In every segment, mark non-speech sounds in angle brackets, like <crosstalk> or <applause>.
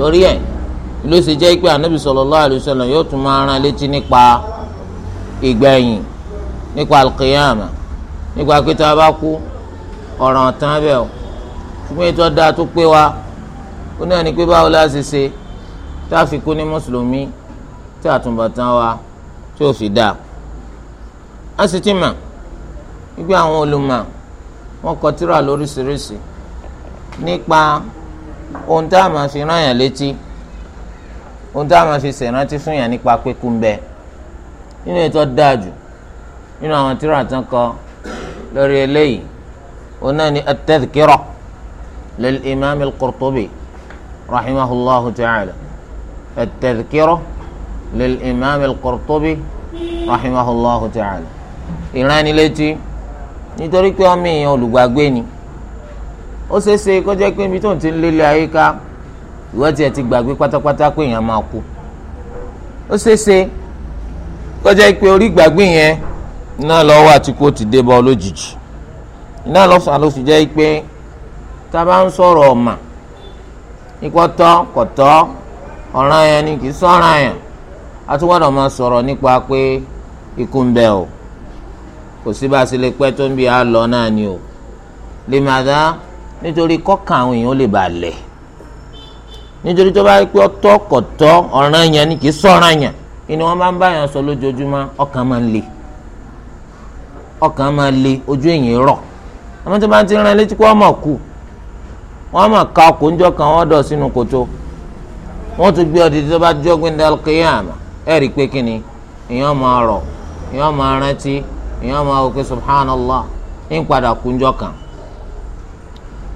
torí ẹ̀ ló ṣe jẹ́ pé anabi sallallahu alaihi wasallam yóò tún máa rán létí nípa ìgbẹ̀yìn nípa alqiyama nípa pé tá a bá kú ọ̀ràn tán bẹ́ẹ̀ o ṣùgbọ́n ètò ọ̀dà tó pé wa ó náà ní pé báwo la ṣe ṣe tá a fi kú ní mùsùlùmí tí àtúbọ̀tán wa tí ò fi dáa a sì ti mà wípé àwọn olùmọ̀ wọn kọ tírà lóríṣiríṣi nípa ohun tá a máa fi rán yàn létí ohun tá a máa fi ṣèrántí fún yàn nípa pẹ́kú ń bẹ nínú ètò dáàjù nínú àwọn tírà tán kọ lórí eléyìí òun náà ni at-tadhkira lil imam al ta'ala at-tadhkira lil imam al ta'ala ìránnilétí nítorí pé ọmọ èèyàn olùgbàgbé ni. ó ṣeé ṣe kó jẹ́ pé ibi tó ń ti ń lélẹ̀ ayé ká ìwọ tiẹ̀ ti gbàgbé pátápátá pé èèyàn máa kú ó ṣeé ṣe kó jẹ́ pé orí gbàgbé yẹn náà lọ wà tí kò ti dé bọ́ lójijì náà lọ́fà ló fi jẹ́ pé tá a bá ń sọ̀rọ̀ ọ̀mà ìkọ́tọ́ kọ̀tọ́ ọ̀ràn yẹn ni kì í sọ̀ràn yẹn a tún gbọ́dọ̀ máa sọ̀rọ̀ nípa pé ikú ń bẹ o kò sí bá a ṣe lè pẹ́ tó ń bi àlọ́ náà ni o lè má dá nítorí kọ́kàn àwọn èèyàn lè bà lẹ̀ nítorí tó bá rí pé ọtọ́ kọ̀tọ́ ọ̀ràn yẹn ni kì sọ̀ràn yẹn ń sọ lójoojúmọ́ ọkàn máa ń le ọkàn máa le ojú èèyàn rọ̀ àmọ́ tó bá ti rán létí pé wọ́n mọ̀ kú wọ́n mọ̀ ká ọkọ̀ kan wọ́n dọ̀ sínú kòtò wọ́n tún gbé tó bá i pé kí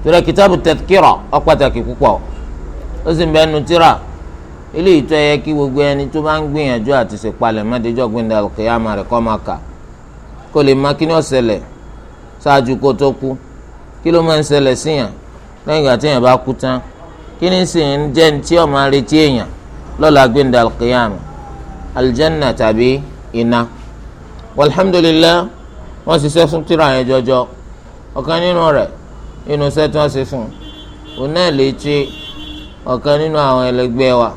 torí kìtàbù tẹ̀kìrọ̀ ó pàtàkì púpọ̀ ó sì ń bẹ nu tíra ilé ìtọ́ yẹ kí gbogbo ẹni tó bá ń gbìyànjú àti ṣèpalẹ̀ mọ́tẹ́jọ́ gbẹ̀ndà kìyàmà rẹ̀ kọ́ máa kà kó lè má kí ni ó ṣẹlẹ̀ ṣáájú kó tó kú kí ló máa ń ṣẹlẹ̀ síyàn lẹ́yìn ìgbà tí èèyàn bá kú tán kí ni sì ń jẹ́ tí ó máa èèyàn lọ́la gbẹ̀ndà kìyàmà aljanna tàbí iná walhamdulillah wọ́n ṣiṣẹ́ fún tíra yẹn jọjọ ọ̀kan nínú rẹ̀ nínú iṣẹ́ tí wọ́n ṣe fún un òun náà lè ti ọ̀kan nínú àwọn ẹlẹgbẹ́ wa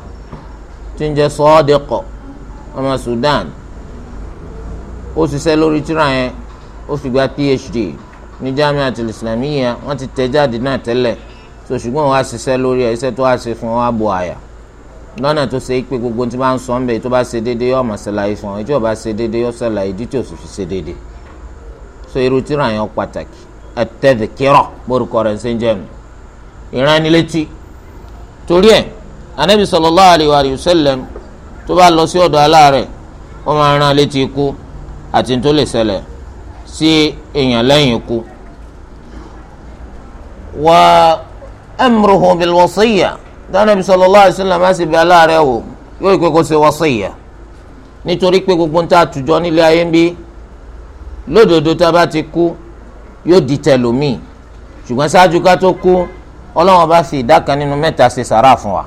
tí ń jẹ́ sọ́ọ́dẹ́kọ̀ ọmọ Sudan ó ṣiṣẹ́ lórí tírà yẹn ó fi gba PhD ní Jamiatul Islamiyya wọ́n ti tẹ̀ jáde náà tẹ́lẹ̀ so ṣùgbọ́n wàá ṣiṣẹ́ lórí ẹ̀ iṣẹ́ tó wàá ṣe fún wa bò àyà lọ́nà tó ṣe pé gbogbo tí wọ́n sọ ń bẹ̀ tó bá ṣe déédéé yóò máa ṣàlàyé fún ọ ìjọba ṣe déédéé yóò ṣàlàyé ìdí tí ò so irú tírà yẹn pàtàkì at-tadhkira gbórúkọ rẹ̀ ṣe ń jẹ́ mi ìránnilétí torí ẹ̀ anabi sallallahu alayhi wa sallam tó bá lọ sí ọ̀dọ̀ aláàrẹ̀ wọ́n máa rán létí ikú àti tó lè ṣẹlẹ̀ sí èèyàn lẹ́yìn ikú. wa amruhu bil wasiyya dánábi sallallahu alayhi wa sallam á sì bẹ aláàrẹ̀ wò yóò pé kó ṣe wasiyya nítorí pé gbogbo ń ta àtùjọ nílé ayé ń bí lódodo tá a bá ti kú yóò di tẹlómi ṣùgbọ́n ṣáájú ká tó kú ọlọ́wọ́n bá fi ìdá kan nínú mẹ́ta ṣe sàrà fún wa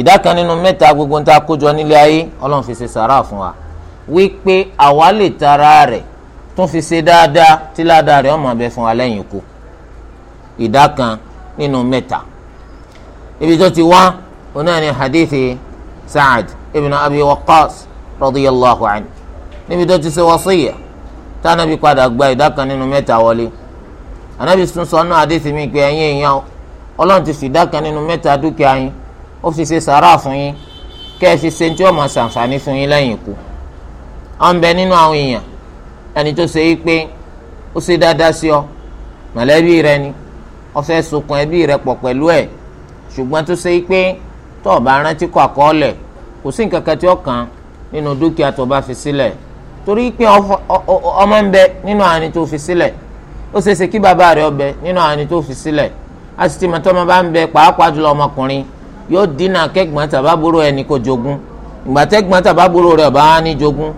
ìdá kan nínú mẹ́ta gbogbo nta kójọ nílé ayé ọlọ́run fi ṣe sàrà fún wa wípé àwa lè tara rẹ̀ tún fi ṣe dáadáa tí ládàá rẹ̀ ọmọ abẹ fún wa lẹ́yìn ikú ìdá kan nínú mẹ́ta ibi tó ti wá onáà ní hadithi Sa'ad ibn Abi Waqas, radiyallahu anhu níbi tó ti ṣe wasiya tánàbí padà gba ìdá kan nínú mẹ́ta wọlé ànábì tún sọ náà àdéhùn mi pé ẹ̀yin èèyàn ọlọ́run ti fi ìdá kan nínú mẹ́ta dúkìá yín ó fi ṣe sàrà fún yín kẹ́ ẹ fi ṣe tí ó ṣàǹfààní fún yín lẹ́yìn ikú ọ̀n bẹ nínú àwọn èèyàn ẹni tó ṣe pé ó ṣe dáadáa sí ọ mọ̀lẹ́bí rẹ ni ó fẹ́ sokùn ẹbí rẹ pọ̀ pẹ̀lú ẹ̀ ṣùgbọ́n tó ṣe pé tó o bá rántí kọ àkọọ́lẹ̀ kò sí nǹkan kan tí ó kàn nínú dúkìá tó bá fi sílẹ̀ torí pé ọmọ ń bẹ nínú àní tó fi sílẹ̀ ó ṣeéṣe kí bàbá rẹ̀ ọbẹ̀ nínú àní tó fi sílẹ̀ a sì ti mọ̀ ọmọ bá ń bẹ pàápàá jùlọ ọmọkùnrin yóò dínà kẹ́gbọ́n tàbábúrò ẹni kò jogún ìgbà tẹ́gbọ́n rẹ̀ ọba ní jogún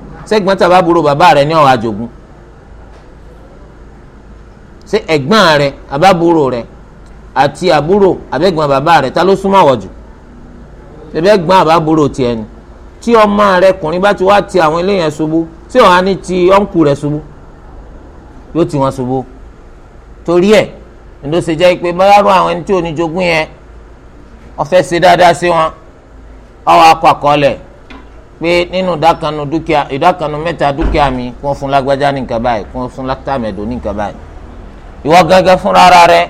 ni tí ọmọ rẹ̀ kùnrin bá tí òun á ní ti ọ̀nkù rẹ̀ ṣubú yóò ti wọn ṣubú torí ẹ̀ ǹdó ṣe jẹ́ pé báyàrú àwọn ẹni tí ò ní jogún yẹn ọ̀fẹ́ ṣe dáadáa sí wọn ọwọ́ akọ àkọọ́lẹ̀ pé nínú ìdákanu dúkìá ìdákanu mẹ́ta dúkìá mi kí wọ́n fún lágbájá ní nǹkan báyìí kí wọ́n fún látàmẹ̀dọ̀ ní nǹkan báyìí ìwọ gángan fúnra ara rẹ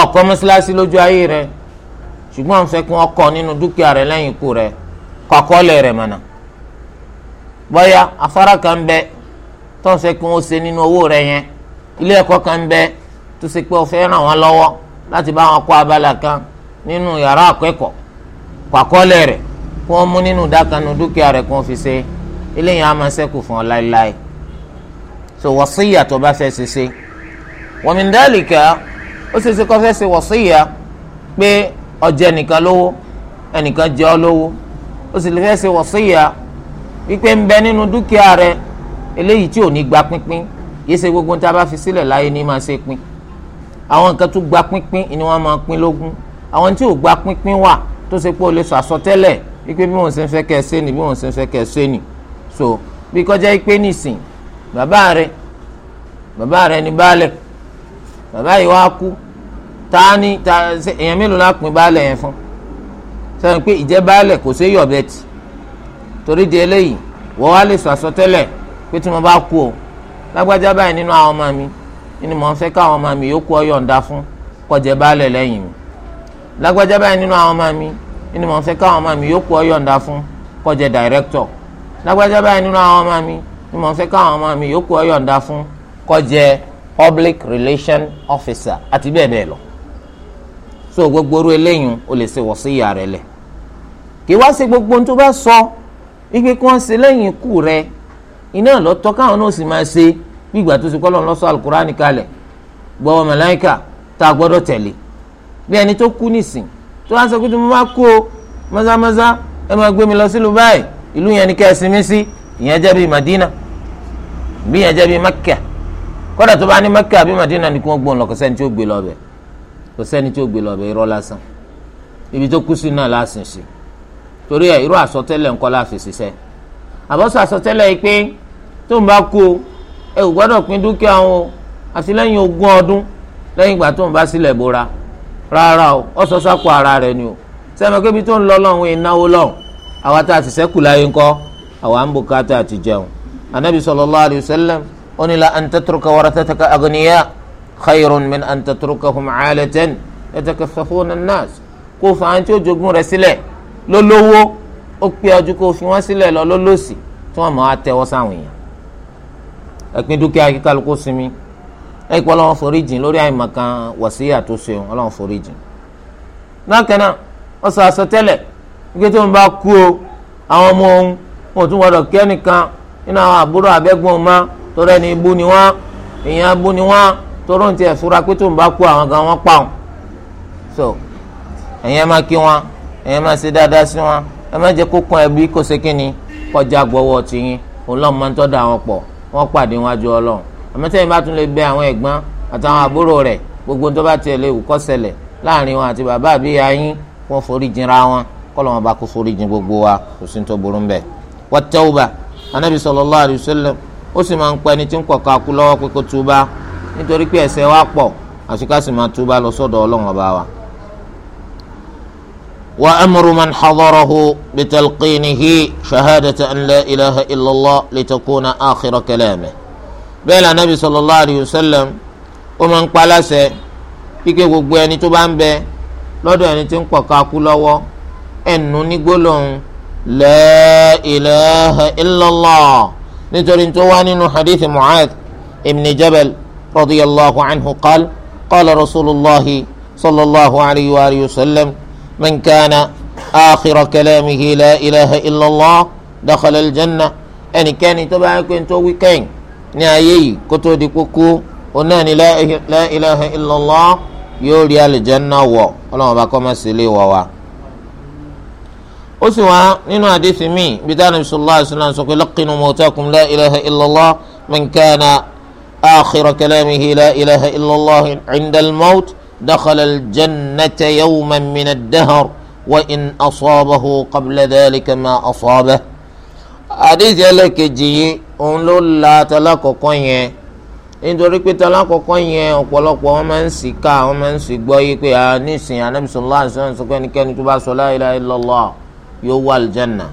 ọkọ mọ́ṣáláṣí lójú ayé rẹ ṣùgbọ́n àwọn fẹ́ kí wọ́n kọ́ nínú dúkìá rẹ lẹ́yìn ikú rẹ kọ́kọ́lẹ̀ rẹ mọ̀nà bóyá afárá kan bẹ tó ń ṣe kí wọ́n ṣe nínú owó rẹ yẹn ilé ẹ̀kọ́ kan bẹ tó ṣe pé o fẹ́ ràn wọ́n lọ́wọ́ láti bá wọn kọ́ abala kan nínú yàrá àkẹ́kọ̀ọ́ pàkọ́lẹ̀ rẹ̀ kí wọ́n mú nínú dákanu dúkìá rẹ̀ kí wọ́n fi ṣe eléyìí á máa ṣẹ́kù fún ọ láéláé so wọ́síyà tó bá fẹ́ ṣe ṣe wọ́mìndálìkà ó ṣe ṣe kọ́ fẹ́ ṣe wọ́síyà pé ó jẹ ẹnìkan lówó ẹnìkan jẹ ọ́ lówó ó sì fẹ́ ṣe wọ́síyà wípé ń bẹ nínú dúkìá rẹ eléyìí tí ò ní gba pínpín yìí ṣe gbogbo tá a bá fi sílẹ̀ láyé ní máa ṣe pín àwọn nǹkan tó gba pínpín ni wọ́n máa pín lógún àwọn tí ò gba pínpín wà tó ṣe pé o lè sọ àsọtẹ́lẹ̀ wípé bí wọ́n ṣe ń fẹ́ kẹ́ ẹ ṣe ni bí wọ́n ṣe ń fẹ́ kẹ́ ẹ ṣe ni so bí kọjá pé nìsín bàbá rẹ bàbá rẹ ní baálẹ̀ bàbá yìí wá kú ta ni ta èèyàn mélòó la pín baálẹ̀ yẹn fún sẹ́yìn pé torí di eléyìí wọ́n wá lè sọ àsọtẹ́lẹ̀ pé tí mo bá kú o lágbájá báyìí nínú àwọn ọmọ mi nínú mọ̀ ń fẹ́ káwọn ọmọ mi yòókù ọ̀yọ̀ǹda fún kọjẹ baálẹ̀ lẹ́yìn mi lágbájá báyìí nínú àwọn ọmọ mi nínú mọ̀ ń fẹ́ káwọn ọmọ mi yòókù ọ̀yọ̀ǹda fún kọjẹ dàrẹ́kítọ̀ lágbájá báyìí nínú àwọn ọmọ mi nínú mọ̀ ń fẹ́ káwọn ọmọ mi yòókù ọ̀yọ̀ǹda fún kọjẹ public relation officer àti bẹ́ẹ̀ bẹ́ẹ̀ lọ so gbogbo orú eléyìí o lè ṣe wọ̀ sí ìyá rẹ lẹ̀ kí wá sí gbogbo ohun tó bá sọ so, ike kí wọ́n ṣe lẹ́yìn ikú rẹ iná lọ́tọ́ káwọn náà sì máa ṣe gbígbà tó ti kọ́ lọ́n lọ́sọ alukurani kalẹ̀ gbọ́wọ́ màláíkà tá a gbọ́dọ̀ tẹ̀lé bí ẹni tó kú nìsín tó wá sọ pé tí mo bá kú o mọ́sámọ́sá ẹ máa gbé mi lọ sílùú báyìí ìlú yẹn ni kẹ́sìn mi sí ìyẹn jẹ́ bíi Madina bí yẹn jẹ́ bíi Makka kódà tó bá ní Makka àbí Madina ni kí wọ́n gbọ́n lọ kò sẹ́ni tí ó gbé lọ bẹ̀ kò sẹ́ni tí ó gbé lọ bẹ̀ irọ́ torí ẹ irú àsọtẹ́lẹ̀ ńkọ́ la fi ṣiṣẹ́ àbọ̀sọ àsọtẹ́lẹ̀ yìí pé tó ń bá kú o ẹ ò gbọ́dọ̀ pín dúkìá wọn o àti lẹ́yìn ogún ọdún lẹ́yìn ìgbà tó ń bá sílẹ̀ bora rárá o ọ sọ sápò ara rẹ ni o sẹ́mi pé ibi tó ń lọ lọ́hùn ìnáwó lọ́hùn àwa tá a ti ṣẹ́kù láyé ńkọ́ àwa ń bùkátà àti jẹun anabi sallallahu alayhi wa sallam ó ní la an tatruka warathataka aghniya khayrun min an tatrukahum aalatan yatakaffafuna an-nas kó fa àwọn tí ó jogún rẹ sílẹ̀ lówó ó pé ọdún kó fi wọ́n sílẹ̀ lọ lólòsì tí wọ́n máa tẹ́wọ́ sáwọn èèyàn ẹ̀pin dúkìá kí sinmi ẹ̀pọ̀ ọlọ́run foríjìn lórí tó ṣe òun foríjìn. wọ́n sọ bá kú o àwọn ọmọ òun tún kí ẹnìkan nínú àwọn àbúrò ẹni pa ẹ̀yin máa ṣe dáadáa sí wọn ẹ má jẹ́ kókó ẹbí kó ṣe kínni kọjá gbọ́wọ́ tiyín ọlọ́run máa ń tọ́da àwọn pọ̀ wọ́n pàdé wájú ọlọ́run àmọ́tẹ́yìn bá tún lè bẹ àwọn ẹ̀gbọ́n àtàwọn àbúrò rẹ̀ gbogbo tó bá tiẹ̀ lè wù kó ṣẹlẹ̀ láàrin wọn àti bàbá àbí ayín wọn forí jinra wọn kọ́lọ́ wọn bá kó forí jin gbogbo wa kò sí tó burú bẹ́ẹ̀. wọ́n tẹ́wọ́bà anábì sallallahu alaihi wasallam ó sì máa ń pẹ́ ni tí ń kọ̀ọ̀kan kú lọ́wọ́ pé kó túbá nítorí pé ẹ̀ṣẹ̀ wa pọ̀ àṣìká máa túbá lọ sọ́dọ̀ ọlọ́run ọba wa. وأمر من حضره بتلقينه شهادة أن لا إله إلا الله لتكون آخر كلامه bẹ́ẹ̀ la nabi sallallahu alayhi wa sallam ó máa ń paláṣẹ kíkẹ́ gbogbo ẹni tó bá ń bẹ lọ́dọ̀ ẹni tí ń pọ̀ka kú lọ́wọ́ ẹnu ní gbólóhùn la ilaha illallah nítorí tó wá nínú hadith mu'ad ibn jabal radiyallahu anhu qal qala rasulillahi sallallahu alayhi wa sallam. من كان آخر كلامه لا إله إلا الله دخل الجنة أن كان تبع كنت وكين نعيي كتو دي كوكو ونان لا إله إلا الله يولي الجنة و اللهم بكم سلي ووا أسوا نينو حديث مي بدان صلى الله عليه وسلم سقي لقنوا موتاكم لا إله إلا الله من كان آخر كلامه لا إله إلا الله عند الموت دخل الجنة يوما من الدهر وإن أصابه قبل ذلك ما أصابه حديث لك جي أنلو لا تلاقوا nítorí pé tọ́lá kọ̀ọ̀kan yẹn ọ̀pọ̀lọpọ̀ wọn máa ń sì ká wọn máa ń sì gbọ́ yí pé a nísìn Ànábì sallallahu alaihi wasallam pé ẹnikẹ́ni tó bá sọ la ilaha illallah yóò wọ àlùjánnà.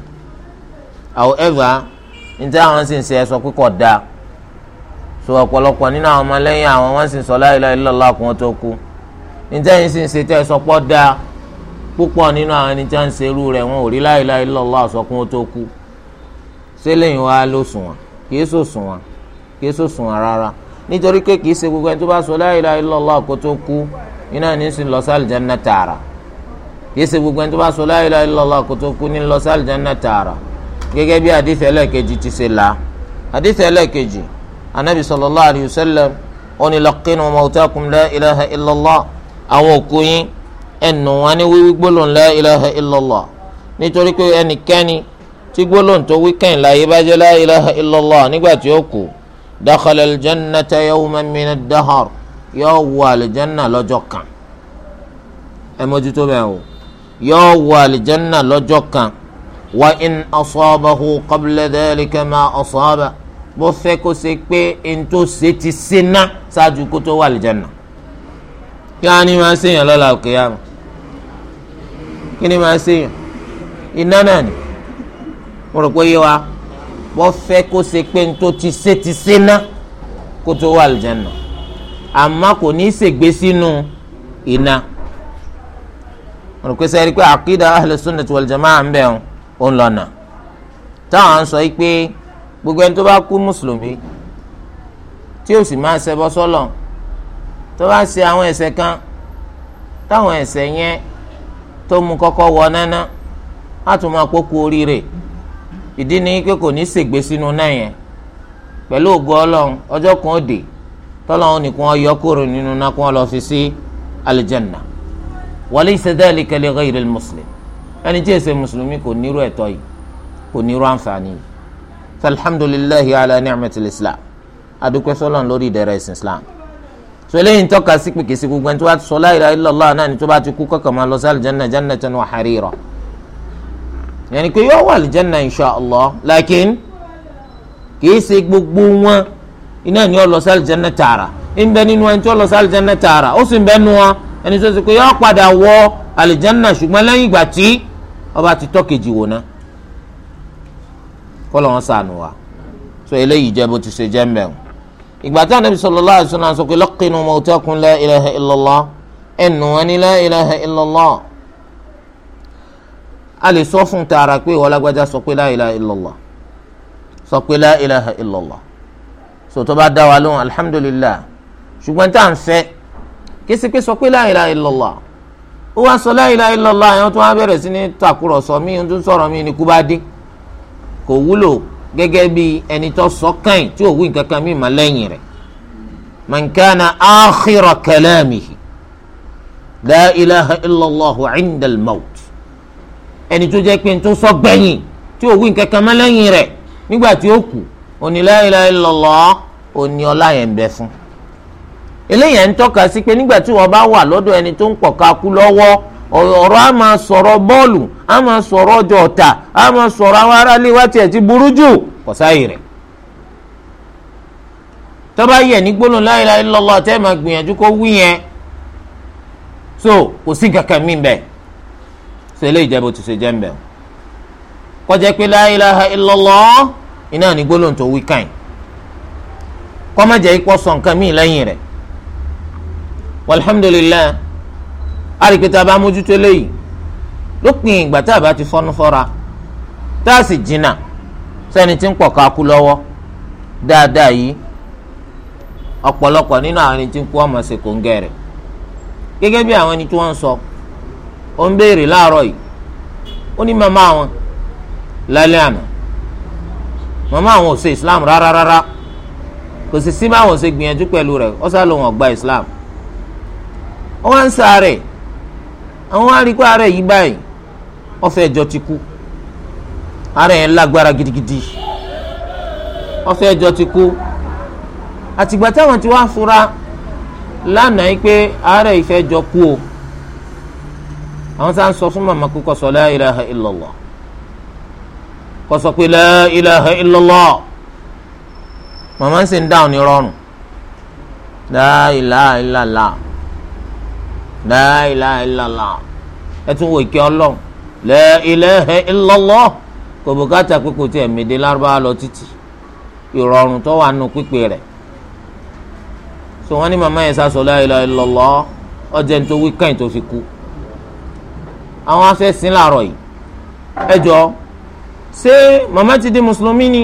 however níta àwọn sì ń ṣe ẹsọ pípọ̀ dáa so ọ̀pọ̀lọpọ̀ nínú àwọn ọmọlẹ́yìn àwọn wọn sì ń sọ la ilaha illallah kún ó tó kú níta yìí sì ń ṣe tẹ́ ẹ sọpọ́ da púpọ̀ nínú àwọn ẹni tí wọ́n ń ṣe irú rẹ̀ wọn ò rí la ilaha illallah àsọkún ó tó kú ṣé lẹ́yìn wa ló sùn wọn kìí sò sùn wọn kìí sò sùn wọn rárá nítorí pé kìí ṣe gbogbo ẹni tó bá sọ la ilaha illallah kó tó kú iná ní sìn lọ sí àlùjáná tààrà kìí ṣe gbogbo ẹni tó bá sọ la ilaha illallah kó tó kú ní lọ àlùjáná tààrà gẹ́gẹ́ bí hadith ti ṣe la ilaha àwọn òkú yín ẹnu wọn ní wíwí gbólóhùn la ilaha illallah nítorí pé ẹnikẹ́ni tí gbólóhùn tó wí kẹ́yìn láàyè bá jẹ́ la ilaha illallah nígbà tí ó kú dakhala aljannata yawman min ad-dahr yóò wọ àlìjánná lọ́jọ́ kan ẹ mójútó bẹ́ẹ̀ o yóò wọ àlìjánná lọ́jọ́ kan wa in asabahu qabla dhalika ma asaba bó fẹ́ kó ṣe pé ntòsí ti ṣe ṣáájú kó tó wọ kí máa ṣèyàn lọ́la òkè yàrá kí ni máa ṣèyàn iná náà ni mo rò pé yé wa wọ́n fẹ́ kó ṣe pé n tó ti ṣe ti ṣe ná kó tó wà àlùjánnà àmọ́ kò ní í ṣègbé sínú iná mo rò pé sẹ́yìn pé àkídà ahlus sunnah wal jamaa ń bẹ̀ ń lọ́nà táwọn sọ yìí pé gbogbo ẹni tó bá kú mùsùlùmí tí ó sì máa ṣẹbọ sọ́lọ́run tó bá ṣe àwọn ẹ̀ṣẹ̀ kan táwọn ẹ̀ṣẹ̀ yẹn tó mú kọ́kọ́ wọ náná á tún máa kó kú oríire ìdí ni pé kò ní ṣègbè sínú náà yẹn pẹ̀lú ògo ọlọ́run ọjọ́ kan ó dé tọ́lọ́run nìkan ọyọ kúrò nínú náà kó wọn lọ fi sí alìjẹ́nà wa laysa dhalika li ghayri ẹni tí èsè mùsùlùmí kò nírú ẹ̀tọ́ yìí kò nírú àǹfààní yìí alhamdulillahi ala ni'matil islam adúpẹ́ lórí ìdẹ̀rẹ̀ ìsìn islam so eléyìí ń tọ́ka sí pé kìsì gbogbo ẹni tó bá ti sọ la ilaha illallah náà ni tó bá ti kú kọ́kọ́ máa lọ sí alìjẹ́nà jannatan wa harira yẹnni pé yóò wà alìjẹ́nà insha Allah lakin kìí ṣe gbogbo wọn iná ni ó lọ sí alìjẹ́nà tààrà ń bẹ nínú ẹni tó lọ sí alìjẹ́nà tààrà ó sì ń bẹ nu wọn ẹni tó ṣe pé yóò padà wọ alìjẹ́nà ṣùgbọ́n lẹ́yìn ìgbà tí ó bá ti tọ́ kejì wò ná ìgbà tí anabi sallallahu alaihi wasallam sọ pé laqinu mawtakum la ilaha illallah ẹnu wọn ni la ilaha illallah a lè sọ fún tààrà pé ìwọ lágbájá sọ pé la ilaha illallah sọ pé la ilaha illallah sọtọ́ bá dá wa lóhùn alhamdulillah ṣùgbọ́n tá à ń fẹ́ kí pé sọ pé la ilaha ó wá sọ la ilaha illallah tó wá bẹ̀rẹ̀ sí ní tàkùrọ̀sọ mí ń tún sọ̀rọ̀ mí ní kú kò wúlò gẹ́gẹ́ bí ẹni tó sọ kàn tí ò wí nǹkan kan mímọ́ lẹ́yìn rẹ̀ man kana akhira kalamihi la ilaha illallah inda al-maut ẹni tó jẹ́ pé tó sọ gbẹ̀yìn tí ò wí nǹkan kan mọ́ lẹ́yìn nígbà tí ó kù òní la ilaha illallah òní ọlá yẹn bẹ fún eléyìí ń tọ́ka sí pé nígbà tí wọ́n bá wà lọ́dọ̀ ẹni tó ń pọ̀ ká kú lọ́wọ́ ọ̀rọ̀ a máa sọ̀rọ̀ bọ́ọ̀lù a máa sọ̀rọ̀ ọjọ́ ọ̀tà a máa sọ̀rọ̀ àwọn aráalé wa tiẹ̀ ti burú jù kò sáyè rẹ̀ tọ́ba yẹ ní gbólóhùn la ilaha illallah tẹ́ máa gbìyànjú kó wí yẹn so kò sí kankan mí bẹ́ẹ̀ so eléyìí jẹ́ bó ti ṣe jẹ́ ń bẹ̀ kó pé la ilaha iná ní gbólóhùn tó wí káyìn kó ikú ọ̀sán nǹkan mí lẹ́yìn rẹ̀ walhamdulillah. àríkìtà bá mójútó eléyìí lópin ìgbà tá a bá ti fọ́nú fọ́ra tá a sì jìnnà sẹ́ni tí ń pọ̀ lọ́wọ́ dáadáa yìí ọ̀pọ̀lọpọ̀ nínú àwọn ẹni tí ń kú ọmọ ṣe kò gẹ́gẹ́ bí àwọn ẹni tí wọ́n ń sọ ó ń béèrè láàárọ̀ yìí ó ní màmá àwọn lálẹ́ Islam kò sì sí gbìyànjú pẹ̀lú rẹ̀ sá Islam ó wá ń sáré àwọn wá rí i pé ara yìí báyìí wọ́n fẹ́ ti kú ara yẹn lágbára gidigidi wọ́n ti kú àtìgbà táwọn ti wá fura lánàá pé ara yìí jọ kú o àwọn sáà ń sọ fún màmá kó kó sọ la ilaha illallah kó sọ pé la ilaha illallah màmá ń sè ń dáhùn ní rọrùn la la ilaha illallah ẹ tún wò ìkẹ́ ọlọ́run la ilaha illallah kò bùkátà pípò tí ẹ̀mẹ́dẹ́ lárúbáwá lọ títì ìrọ̀rùn tó wà nù pípè rẹ̀ so wọ́n ní màmá yẹn sá sọ la ilaha illallah ọjọ́ ní tó wí kẹ́yìn tó fi kú àwọn afẹ́sìn làárọ̀ yìí ẹ jọ ṣé màmá ti di mùsùlùmí ni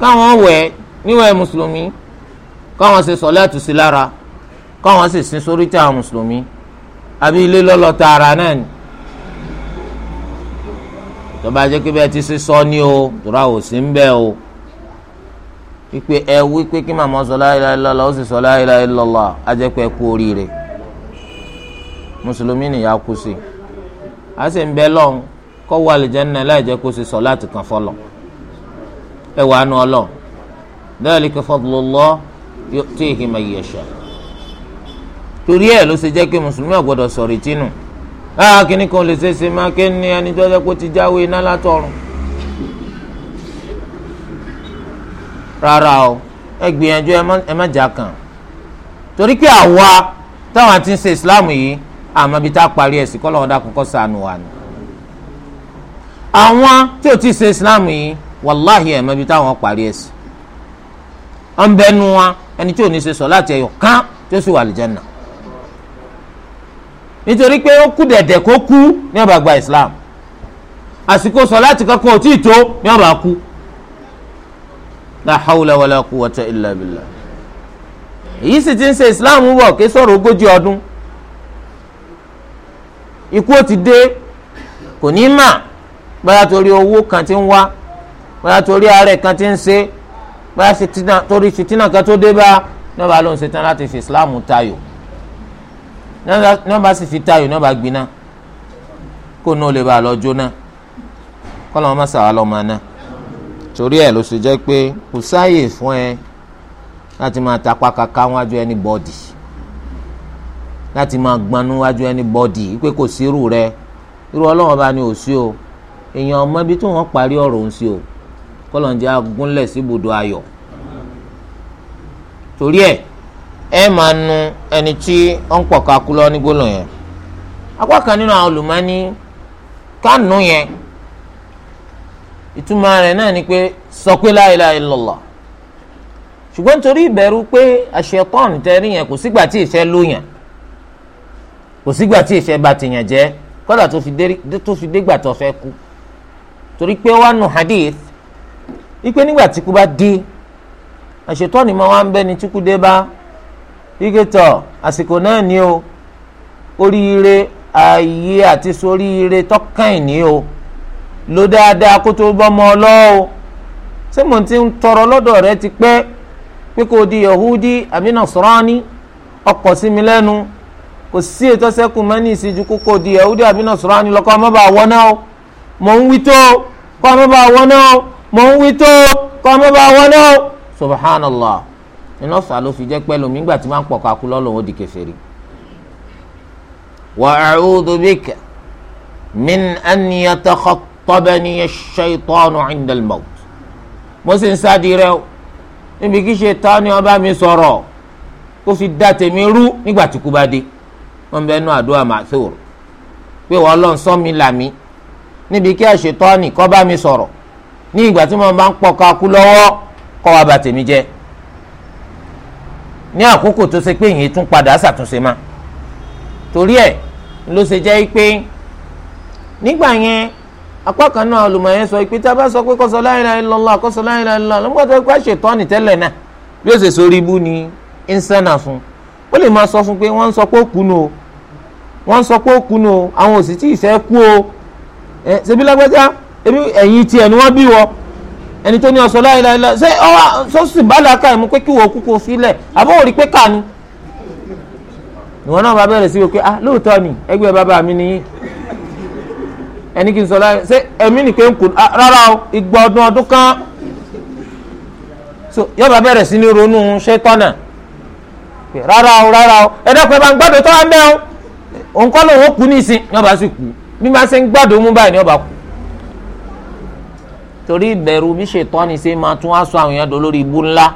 káwọn wẹ̀ níwẹ̀ mùsùlùmí káwọn ṣe sọ̀lẹ́ àtúnṣe lára káwọn sì sin sórí tí àwọn mùsùlùmí àbí ilé lọ́lọ́ náà ni tọ́ba jẹ́ pé bẹ́ẹ̀ ti ṣe sọ ni o tóra ò sí ń bẹ́ o wípé ẹ wí pé kí màmá sọ la ilaha ó sì sọ á jẹ́ pé ẹ kú oríire mùsùlùmí nìyà kú sí a sì ń bẹ lọ́n kọ́ wọ torí ẹ̀ ló ṣe jẹ́ pé mùsùlùmí ọ̀gbọ́dọ̀ sọ̀rọ̀ ìtinú ah kíní kan lè ṣeéṣe máa ké ní ẹni tó jẹ́ pé ó ti jáwé iná látọ̀run rárá o ẹ gbìyànjú ẹ má jà kàn torí pé àwa táwọn àti ń ṣe Islam yìí àmọ́ ibi tá a parí ẹ̀ sí kọ́ lọ́wọ́ dákun kọ́ sànù wà ní. àwọn tí ò ti ṣe Islam yìí wàláhì ẹ̀ ibi táwọn parí ẹ̀ sí. ọ̀nbẹ́nu wa ẹni tí ò ní ṣe sọ láti ẹ̀yọ̀ kán tí sì wà lìjẹ́ náà nítorí pé ó kú dẹ̀dẹ̀ kó kú ní ó bá islam àsìkò sọ̀láàtì kankan ò tí ní ó bá kú la hawla wala quwwata illa billah èyí sì ti ń ṣe islam wọ̀ kí sọ̀rọ̀ ogójì ọdún ikú ó ti dé kò ní mà bóyá torí owó kan ti ń wá bóyá torí àárẹ̀ kan ti ń ṣe bóyá torí ṣìtínà kan tó dé bá ní ó bá lóun ṣetán láti fi islam tayò ní wọ́n bá sì fi táyò ní wọ́n bá gbiná kó náà lè ba àlọ́ jóná kọ́ làwọn máa sàwá lọ́ọ́ máa ná torí ẹ̀ ló ṣe jẹ́ pé kò sáàyè fún ẹ láti máa tapá kaka wájú ẹni bọ́dì láti máa gbanú wájú ẹni bọ́dì pé kò sí irú rẹ irú ọlọ́wọ́n bá ní òsí o èèyàn ọmọ ibi tó wọ́n parí ọ̀rọ̀ òun sí o kọ́ lọ́n jẹ́ agúnlẹ̀ síbùdó ayọ̀ torí ẹ̀ e máa nu ẹni tí ó ń pọ̀ka kú lọ ní yẹn apá kan nínú àwọn olùmọ́ni yẹn ìtumọ̀ rẹ̀ náà ni pé sọ pé la ilaha ṣùgbọ́n nítorí ìbẹ̀rù pé àṣetán tẹ́rí yẹn kò sígbà tí ìṣẹ́ lóyàn kò sígbà tí ìṣẹ́ bá tèèyàn jẹ́ kódà tó fi dégbà tó fẹ́ kú torí pé hadith Ipe nígbà tí kú bá dé àṣetán ni mo ike tọ àsìkò náà ni o oríire ayé àti soríire tọkàn ní o ló dáadáa kó tó bọ́mọ ọlọ́ o ṣé mo ti ń tọrọ lọ́dọ̀ rẹ ti pẹ́ pé kò di yahudi àbí nasrani ọkọ̀ sí mi lẹ́nu kò sí ètò sẹ́kù mọ́ ní ìsìnjú kókò di yahudi àbí nasrani lọ́kọ́ ọmọ bá wọ́n náà o mò ń wí tó o kọ́ ọmọ bá wọ́n náà o mò ń wí tó o kọ́ ọmọ bá wọ́n náà o subhanallah iná fà ló fi jẹ́ pẹ́ lómi nígbà tí wọ́n á pọ̀ kakú lọ́lọ́ ó di kèfèrí. wa a'udhu bika min an yatakhattabani ash-shaytanu 'inda al-mawt mo sì ń sáàdì rẹ o níbi kí Ṣẹ̀tánì ó bá mi sọ̀rọ̀ kó fi dá tèmi rú nígbà tí kú bá dé wọn bẹ nú àdúrà màṣúr pé wọn lọ sọ mi là mí níbi kí àṣetọ́ni kọ́ bá mi sọ̀rọ̀ ní ìgbà tí mo bá ń pọ̀ ká lọ́wọ́ kọ́ wa bà tèmi jẹ́ ní àkókò tó ṣe pé yìnyín tún padà ṣàtúnṣe ma torí ẹ̀ ló ṣe jẹ́ pé nígbà yẹn apá kan náà olùmọ̀yẹn sọ pé tá a bá sọ pé kọ́sọ la ilaha illallah kọ́sọ la ilaha illallah lọ́mọ́ tó pé àṣetọ́ni tẹ́lẹ̀ náà bí ó ṣe sórí ibú ni ìnsánà fún ó lè máa sọ fún pé wọ́n ń sọ pé ó kùnú o wọ́n ń sọ pé ó kùnú o àwọn òsì tí ì kú o ṣebí lágbájá ẹ̀yìn tiẹ̀ ni wọ́n bí wọ́n ẹni tó ní ọsọ láìláìlá ṣé ọwọ sọsì bàlákà ìmú pé kí wọ́n kúkú sílẹ̀ àbọ̀ òrí pé kà ni. ìwọ náà bá bẹ̀rẹ̀ sí wípé ah lóòótọ́ ni ẹgbẹ́ bàbá mi nìyí ẹni kí n sọ láì ṣé ẹ̀mí nìkan ń kù ah, rárá o ìgbà ọdún ọdún kan so yọba bẹ̀rẹ̀ sí ní ronú ṣẹ́tọ́nà rárá o rárá o ẹ dẹ́kun ẹ bá ń gbàdọ̀ tó wà ń bẹ́ o òǹkọ́ lòun ó kú ní ìsìn yọba sì kú bí máa ṣe ń gbàdọ̀ mú báyìí ni yọba kú torí ìbẹ̀rù bí ni ṣe máa tún wá sọ àwọn èèyàn dọ̀ lórí ibú ńlá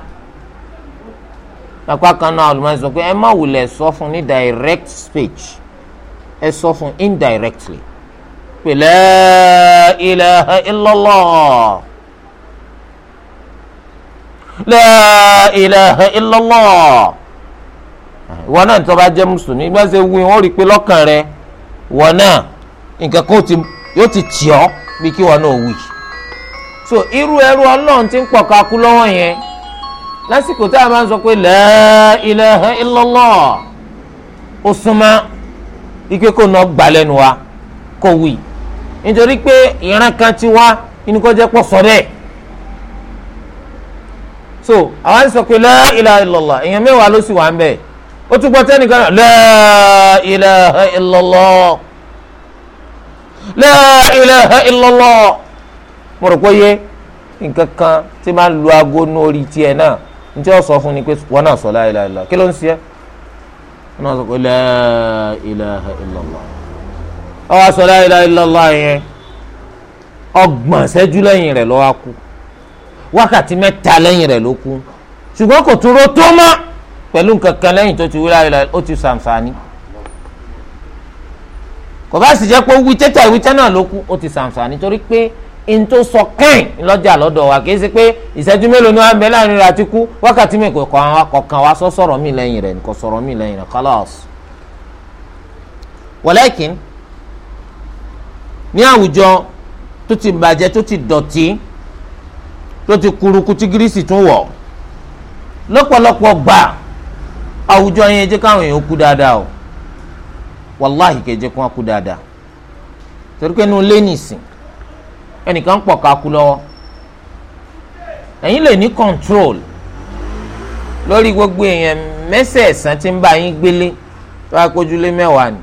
apá kan náà olùmọ̀ọ́ sọ pé ẹ má wulẹ̀ sọ fún ní direct speech ẹ sọ fún indirectly pé la ilaha illallah la ilaha illallah ìwọ náà tó bá jẹ́ mùsùlùmí gbọ́n ṣe wí wọ́n rí i pé lọ́kàn rẹ ìwọ náà nǹkan kan yóò ti tì ọ́ bí kí ìwọ náà wí so irú ẹrú ọlọ́run ti ń pọ̀ kakú lọ́wọ́ yẹn lásìkò tá a máa ń sọ pé la ilaha illallah ó súnmọ́ ike kò ná gbà lẹ́nu wa kò wí nítorí pé ìran kan ti wá inú kó jẹ́ pọ̀ sọ bẹ́ẹ̀ so àwọn àti sọ pé la ilaha illallah èèyàn mẹ́wàá ló sì wà ń bẹ̀ ó tún gbọ́ tẹ́nìkan náà la ilaha illallah la mo rò pé yé nǹkan kan tí máa ń lu aago ní orí tiẹ̀ náà n tí wọ́n sọ fún ni pé wọ́n náà sọ la ilaha illallah kí ló ń ṣe é wọ́n náà sọ pé la ilaha illallah ọ wá sọ la ilaha illallah yẹn ọgbọ̀n ṣẹ́jú lẹ́yìn rẹ̀ lọ́wọ́ kú wákàtí mẹ́ta lẹ́yìn rẹ̀ ló kú ṣùgbọ́n kò tún ro tó mọ́ pẹ̀lú nǹkan kan lẹ́yìn tó ti wí láyé ó ti sàǹfààní kò bá sì jẹ́ pé wíjẹ́tà ìwíjẹ́ náà ló kú ó ti sàǹfààní torí pé ntó sọ kẹ́ẹ̀ lọ́jà lọ́dọ̀ wa kì í ṣe pé ìṣẹ́jú mélòó ni wọ́n á bẹ láàrin rẹ̀ àti kú wákàtí mi kò kàn wá sọ sọ̀rọ̀ mi lẹ́yìn rẹ̀ kò sọ̀rọ̀ mi lẹ́yìn rẹ̀ kọ́lọ́s. wọ́lẹ́kìn ní àwùjọ tó ti bàjẹ́ tó ti dọ̀tí tó ti kuruku tí gírísì tún wọ̀ lọ́pọ̀lọpọ̀ gbà àwùjọ yẹn jẹ́ káwọn èèyàn kú dáadáa o wàláhì kẹ́ jẹ́ kó wọn kú dáadáa torí pé inú lé nìsín ẹnìkan pọ̀ kakú lọ́wọ́ ẹ̀yin lè ní control lórí gbogbo èèyàn mẹ́sẹ̀ẹ̀sán tí ń bá yín gbélé tó bá kójúlé mẹ́wàá ni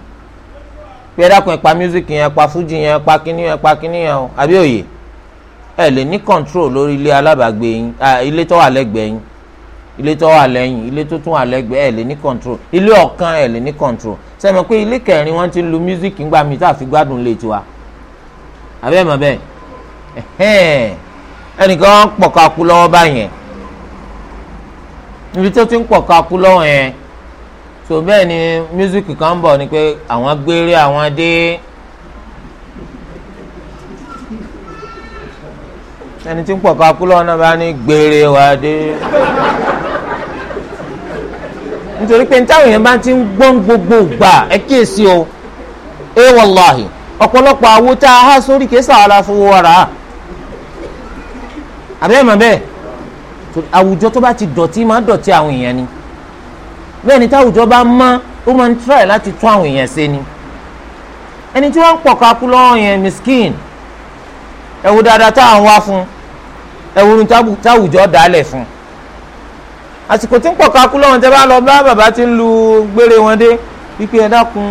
pé ẹ̀dákun ẹ̀pa music yẹn ẹ̀pa fújì yẹn ẹ̀pa kíní yẹn ẹ̀pa kíní yẹn o àbí òye ẹ lè ní control lórí ilé alábàágbé yín ilé tó wà lẹ́gbẹ̀ẹ́ yín ilé tó wà lẹ́yìn ilé tó tún wà lẹ́gbẹ̀ẹ́ ẹ lè ní control ilé ọ̀kan ẹ lè ní control sẹ́mi pé ilé kẹrin wọ́n ti lu music ńgbà mi tá a fi gbádùn lè tiwa àbí mọ̀ bẹ́ẹ̀ ẹnìkan pọ̀ka kú lọ́wọ́ báyẹn ibi tó ti ń pọ̀ka kú lọ́wọ́ yẹn tó bẹ́ẹ̀ ni mísíkì kan ń bọ̀ ni pé àwọn gbére àwọn dé ẹni tí ń pọ̀ka kú lọ́wọ́ náà bá ní gbére wa dé nítorí pé táwọn èèyàn bá ti ń gbọ́n gbogbo gbà ẹ kíyèsí o ẹ wàláhì ọ̀pọ̀lọpọ̀ àwo tá a há sórí kìí sàrà fowó wàrà á. àbẹ́rẹ́ mọ̀ bẹ́ẹ̀ àwùjọ tó bá ti dọ̀tí máa dọ̀tí àwọn èèyàn ni bẹ́ẹ̀ ni táwùjọ bá mọ́ ó máa ń try láti tún àwọn èèyàn ṣe ni ẹni tí wọ́n ń pọ̀ kakú lọ́wọ́ yẹn miskin ẹ̀wù dáadáa táwọn wá fún ẹ̀wù ní táwùjọ dálẹ̀ fún àsìkò tí ń pọ̀ kakú lọ́wọ́ tẹ́ bá lọ bá bàbá tí ń lu gbére wọn dé pípé ẹ dákun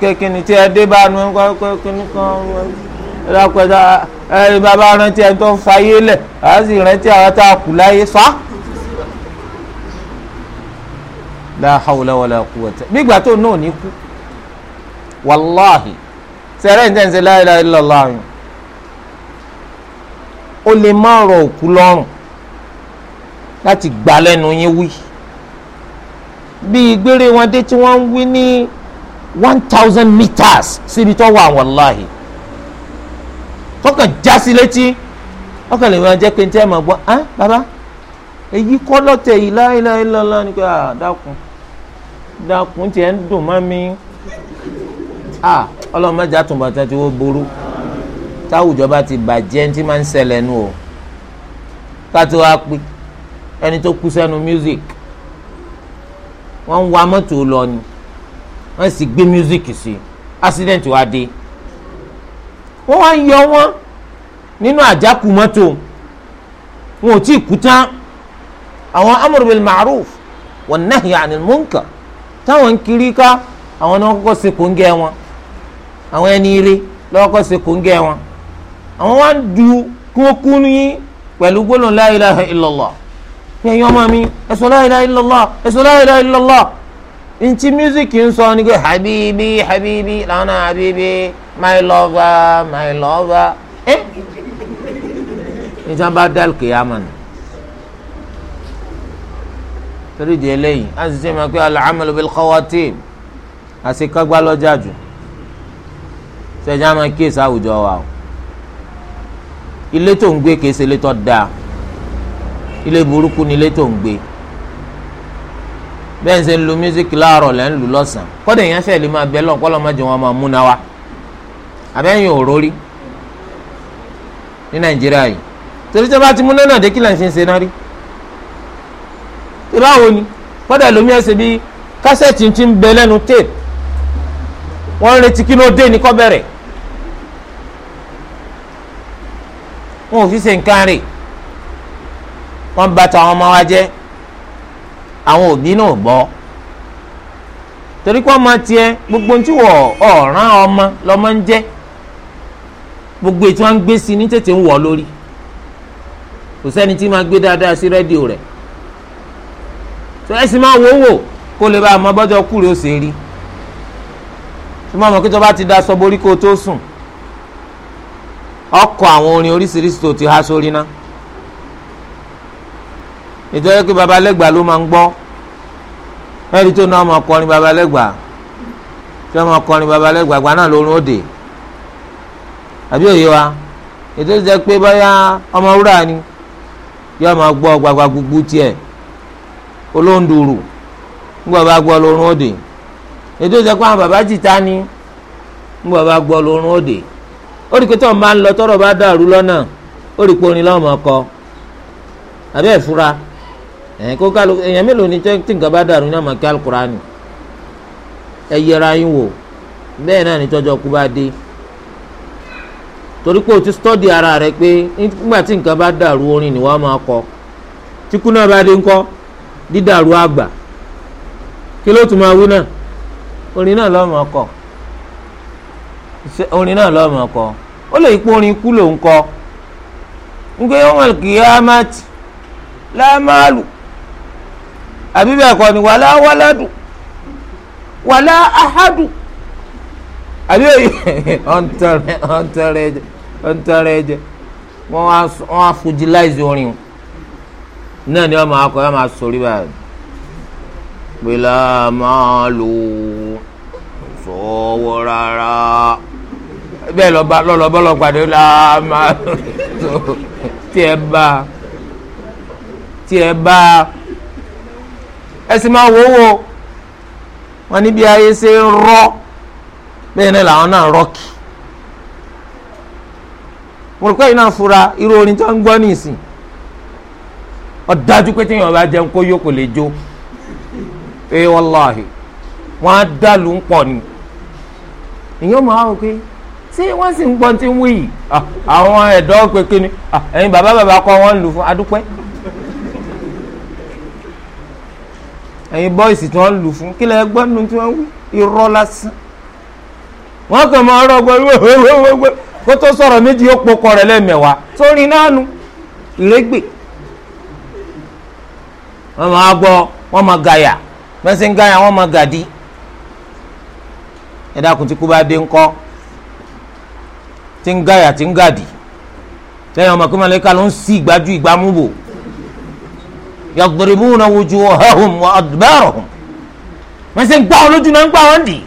kẹkẹ ní tí ẹ dé bá nu ẹ dákun ẹ dákun ẹ dákun ẹ bàbá rántí ẹni tó ń fayé lẹ̀ àá sì rántí àwọn tá a kù láyé fa. la hawla wala quwwata gbígbà tó náà ní kú wàláhì sẹ́rẹ́ ní tẹ̀sí la ilaha illallah o lè má rọ òkú lọ́rùn láti gbà lẹ́nu yín wí bí ìgbére wọn dé tí wọ́n ń wí ní one thousand meters síbi tó wà wàláhì kọ́kàn já sí létí ọkàn lè máa jẹ́ pé ní tẹ́ ẹ máa gbọ́ á ah, bàbá èyí kọ́ lọ́tẹ̀ yìí láéláé lọ́la ni pé à ah, dákun dákun tiẹ̀ ń dùn mọ́ mi à ah, ọlọ́mọdé àtúbọ̀tán tí wọ́n burú táwùjọ bá ti bàjẹ́ ní ti máa ń ṣẹlẹ̀ nù o kátó wá pé ẹni tó kú sẹ́nu music wọ́n ń wa mọ́tò lọ ni wọ́n sì gbé music sí accident wá dé wọ́n wá ń yọ wọ́n nínú àjákù mọ́tò wọn ò tí ì kú tán àwọn amru bil ma'ruf wan nahy 'anil munkar táwọn ń kiri ká àwọn náà kọ́kọ́ ṣe kòńgẹ́ wọn àwọn ẹni rí lọ́kọ́ ṣe kòńgẹ́ wọn àwọn wá ń du kí kú ní pẹ̀lú gbólóhùn la ilaha illallah ọmọ mi ẹ̀sùn la ilaha illallah ẹ̀sùn la ntí music ń sọ ni pé habibi habibi lọ́nà habibi my lover my lover ẹ́ níta bá dá kìyàmà nù torí di eléyìí a sì ṣe máa pé al-amalu bil-khawatim àṣekágbá lọ́jà jù ṣẹjá máa àwùjọ wa o ilé tó ń gbé kìí ilé tó dáa ilé burúkú ni ilé tó ń gbé. bẹ́ẹ̀ ń ṣe ń lu music láàárọ̀ lẹ́ ń lu lọ́sàn kọ́dà èèyàn lè máa bẹ lọ́n kọ́lọ́ wa àbẹ́yìn ní nàìjíríà yìí torí tí wọ́n bá ti múná náà dé kí ṣe ń ṣe náà rí tí báwo ni kọ́dà lómi bíi kásẹ̀tì ti ní wọn ò fi ṣe nǹkan rè wọ́n ọmọ wa àwọn òbí náà gbọ́ torí pé ọmọ gbogbo tí wọ ọ̀ràn ọmọ lọmọ ń jẹ́ gbogbo ètò wọn ń gbé sí ní tètè ń wọ̀ lórí kò sẹ́ni tí máa gbé dáadáa sí rédíò rẹ̀ tó ẹ sì máa wò wò kó lè bá a mọ kúrò ó rí tí mo tó ti da sọ borí kó o tó sùn àwọn orin oríṣiríṣi tó ti há sórí ná ẹni tó náà ọmọ ọkọ babalẹ́gbà tí ọmọ kọrin babalẹ́gbà gba náà lórun òde àbí òye wa ètò ìjẹ́ pé báyà ni yóò máa gbagba gbogbo tiẹ̀ olóńdùrù ńgbọ́ bá gbọ́ ètò pé àwọn bàbá jìta ni ńgbọ́ bá ó rí i pé máa ń lọ bá dàrú ó rí i pé orin kọ àbí E ẹ̀yìn kó kálu èèyàn mélòó ni tí nǹkan bá dàrú ní àmọ́ kí alukurani ẹ yẹra yín wò bẹ́ẹ̀ náà ni tọ́jọ́ kú bá dé torí pé o ti stọ́dì ara rẹ pé nígbà tí nǹkan bá dàrú orin ni wọ́n máa kọ tí kú náà bá dé ńkọ́ dídàrú àgbà kí ló tún máa wí náà orin náà lọ́ọ́ máa kọ orin náà lọ́ọ́ máa kọ ó lè pé orin kú ló ń kọ ń gbé yawmal qiyamati la malu àbí bẹ́ẹ̀ kọ́ ni wàlá wàládù wàlá ahádù àbí òye ọ̀ntọ̀rẹ́ ọ̀ntọ̀rẹ́ ẹ̀jẹ̀ ọ̀ntọ̀rẹ́ ẹ̀jẹ̀ wọ́n á fujilize orin náà ni wọ́n máa kọ́ wọ́n máa sọ̀rí báyìí gbèlà máa lò sọ̀wọ́ rárá bẹ́ẹ̀ lọ́lọ́bọ́lọ́ pàdé là máa tí ẹ bá tí ẹ bá ẹ sì máa wò ó wò wọn níbi ayé ṣe ń rọ bẹ́ẹ̀ náà làwọn náà rọ́ọ̀kì mo rò pé iná fura irú orin tó ń gbọ́ nìsín ó dájú pé téèyàn bá jẹun kó yó kò lè jó ee wàláhì wọn á dàlú ń pọ̀ ni ìyẹn máa wò pé tí wọ́n sì ń gbọ́ tí ń wí yìí àwọn ẹ̀dọ́ pé kí ni ẹ̀yin bàbá bàbá kọ́ wọ́n lù fún adúpẹ́. ẹ̀yin bọ́ìsì tí wọ́n lù fún kí lẹ gbọ́ nínú tí wọ́n wí irọ́ lásán wọ́n kàn máa rọ ọgbọ́n wíwẹ́wẹ́wẹ́ kó tó sọ̀rọ̀ méjì ó pokọ rẹ̀ sórí wọ́n máa gbọ́ wọ́n máa gàyà ń gàyà wọ́n máa gàdí kú bá yadribuna wujuhahum wa adbarahum wọ́n ṣe ń gbá wọn lójú náà ń gbá wọn dì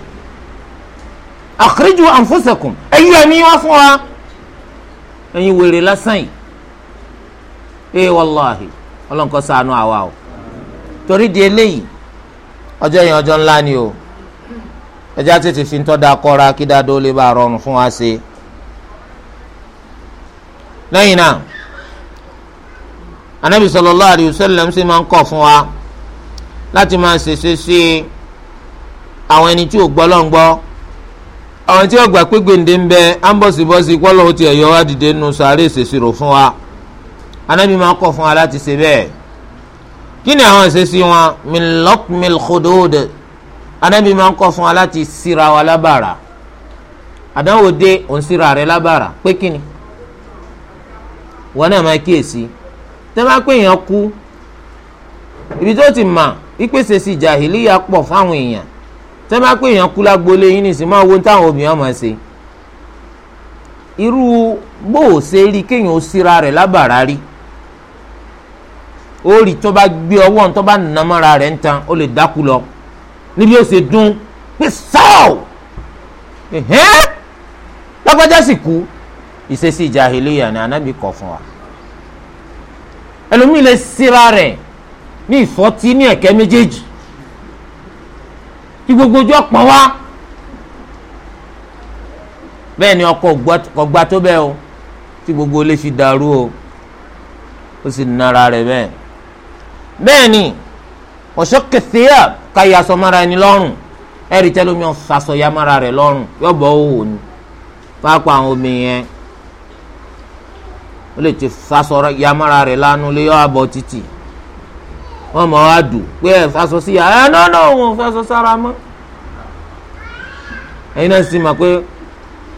akhriju anfusakum ẹ̀yin ẹ̀mí wá fún wa ẹ̀yin wèrè lásán yìí ee wàláhi ọlọ́nkọ́ ṣàánú àwa o torí di eléyìí ọjọ́ yẹn ọjọ́ ńlá ni o ẹja tètè fi ń tọ́ da kọ́ra kí dáadọ́ lè bá rọrùn fún wa ṣe lẹ́yìn náà anabi sallallahu alayhi wa sallam sì máa ń kọ̀ fún wa láti máa ṣèṣe sí àwọn ẹni tí ò gbọ́ lọ́n gbọ́ àwọn tí ó gbà pé gbèǹde ń bẹ ambọ̀sibọ́sì pọ́lọ́ ti ẹ̀yọ́ wá dìde nu sàárè ṣèṣirò fún wa anabi máa ń kọ̀ fún wa láti ṣe bẹ́ẹ̀ kí ni àwọn ìṣesí wọn min luqmil anabi máa ń kọ̀ fún wa láti síra wa lábàrà àdánwò dé òun síra rẹ lábàrà pé kí ni wọn náà máa kíyèsí tẹ́ bá pé èèyàn kú ibi tó ti mà ìpèsè sí jàhìlíyà pọ̀ fáwọn èèyàn tẹ́ bá pé èèyàn kú lágboolé yín nìsín máa wo táwọn obìnrin máa ṣe irú bó o ṣe rí kéèyàn ó síra rẹ̀ lábàrá rí ó rí tó bá gbé ọwọ́ tó bá nà mọ́ra rẹ̀ ń tan ó lè dákú lọ níbi ó ṣe dún pé sọ́ọ̀ lọ́gbọ́jà sì kú ìṣesí jàhìlíyà ni anábì kọ̀ fún wa ẹlòmíì lè síra rẹ̀ ní ìfọ́tí ní ẹ̀kẹ́ méjèèjì kí gbogbo ojú ọ̀pọ̀ wá bẹ́ẹ̀ ni ọkọ̀ ọgbà tó bẹ́ẹ̀ o tí gbogbo ilé fi dàrú o ó sì nara rẹ̀ bẹ́ẹ̀ bẹ́ẹ̀ ni ọ̀ṣọ́ kẹsíyà káyà sọmára ẹni lọ́rùn ẹ̀rí tẹ́lómi ọ̀sàsọ̀yà mára rẹ̀ lọ́rùn yọ̀bọ̀ òhò ni pápá àwọn omi yẹn ó lè ti fasọ yamára rẹ̀ lánú lé yọ abọ́ títì wọ́n mọ̀ á dùn pé ẹ̀ fasọ sí ya ẹ̀ náà náà òun fasọ sára mọ́ ẹ̀yin náà sì mọ̀ pé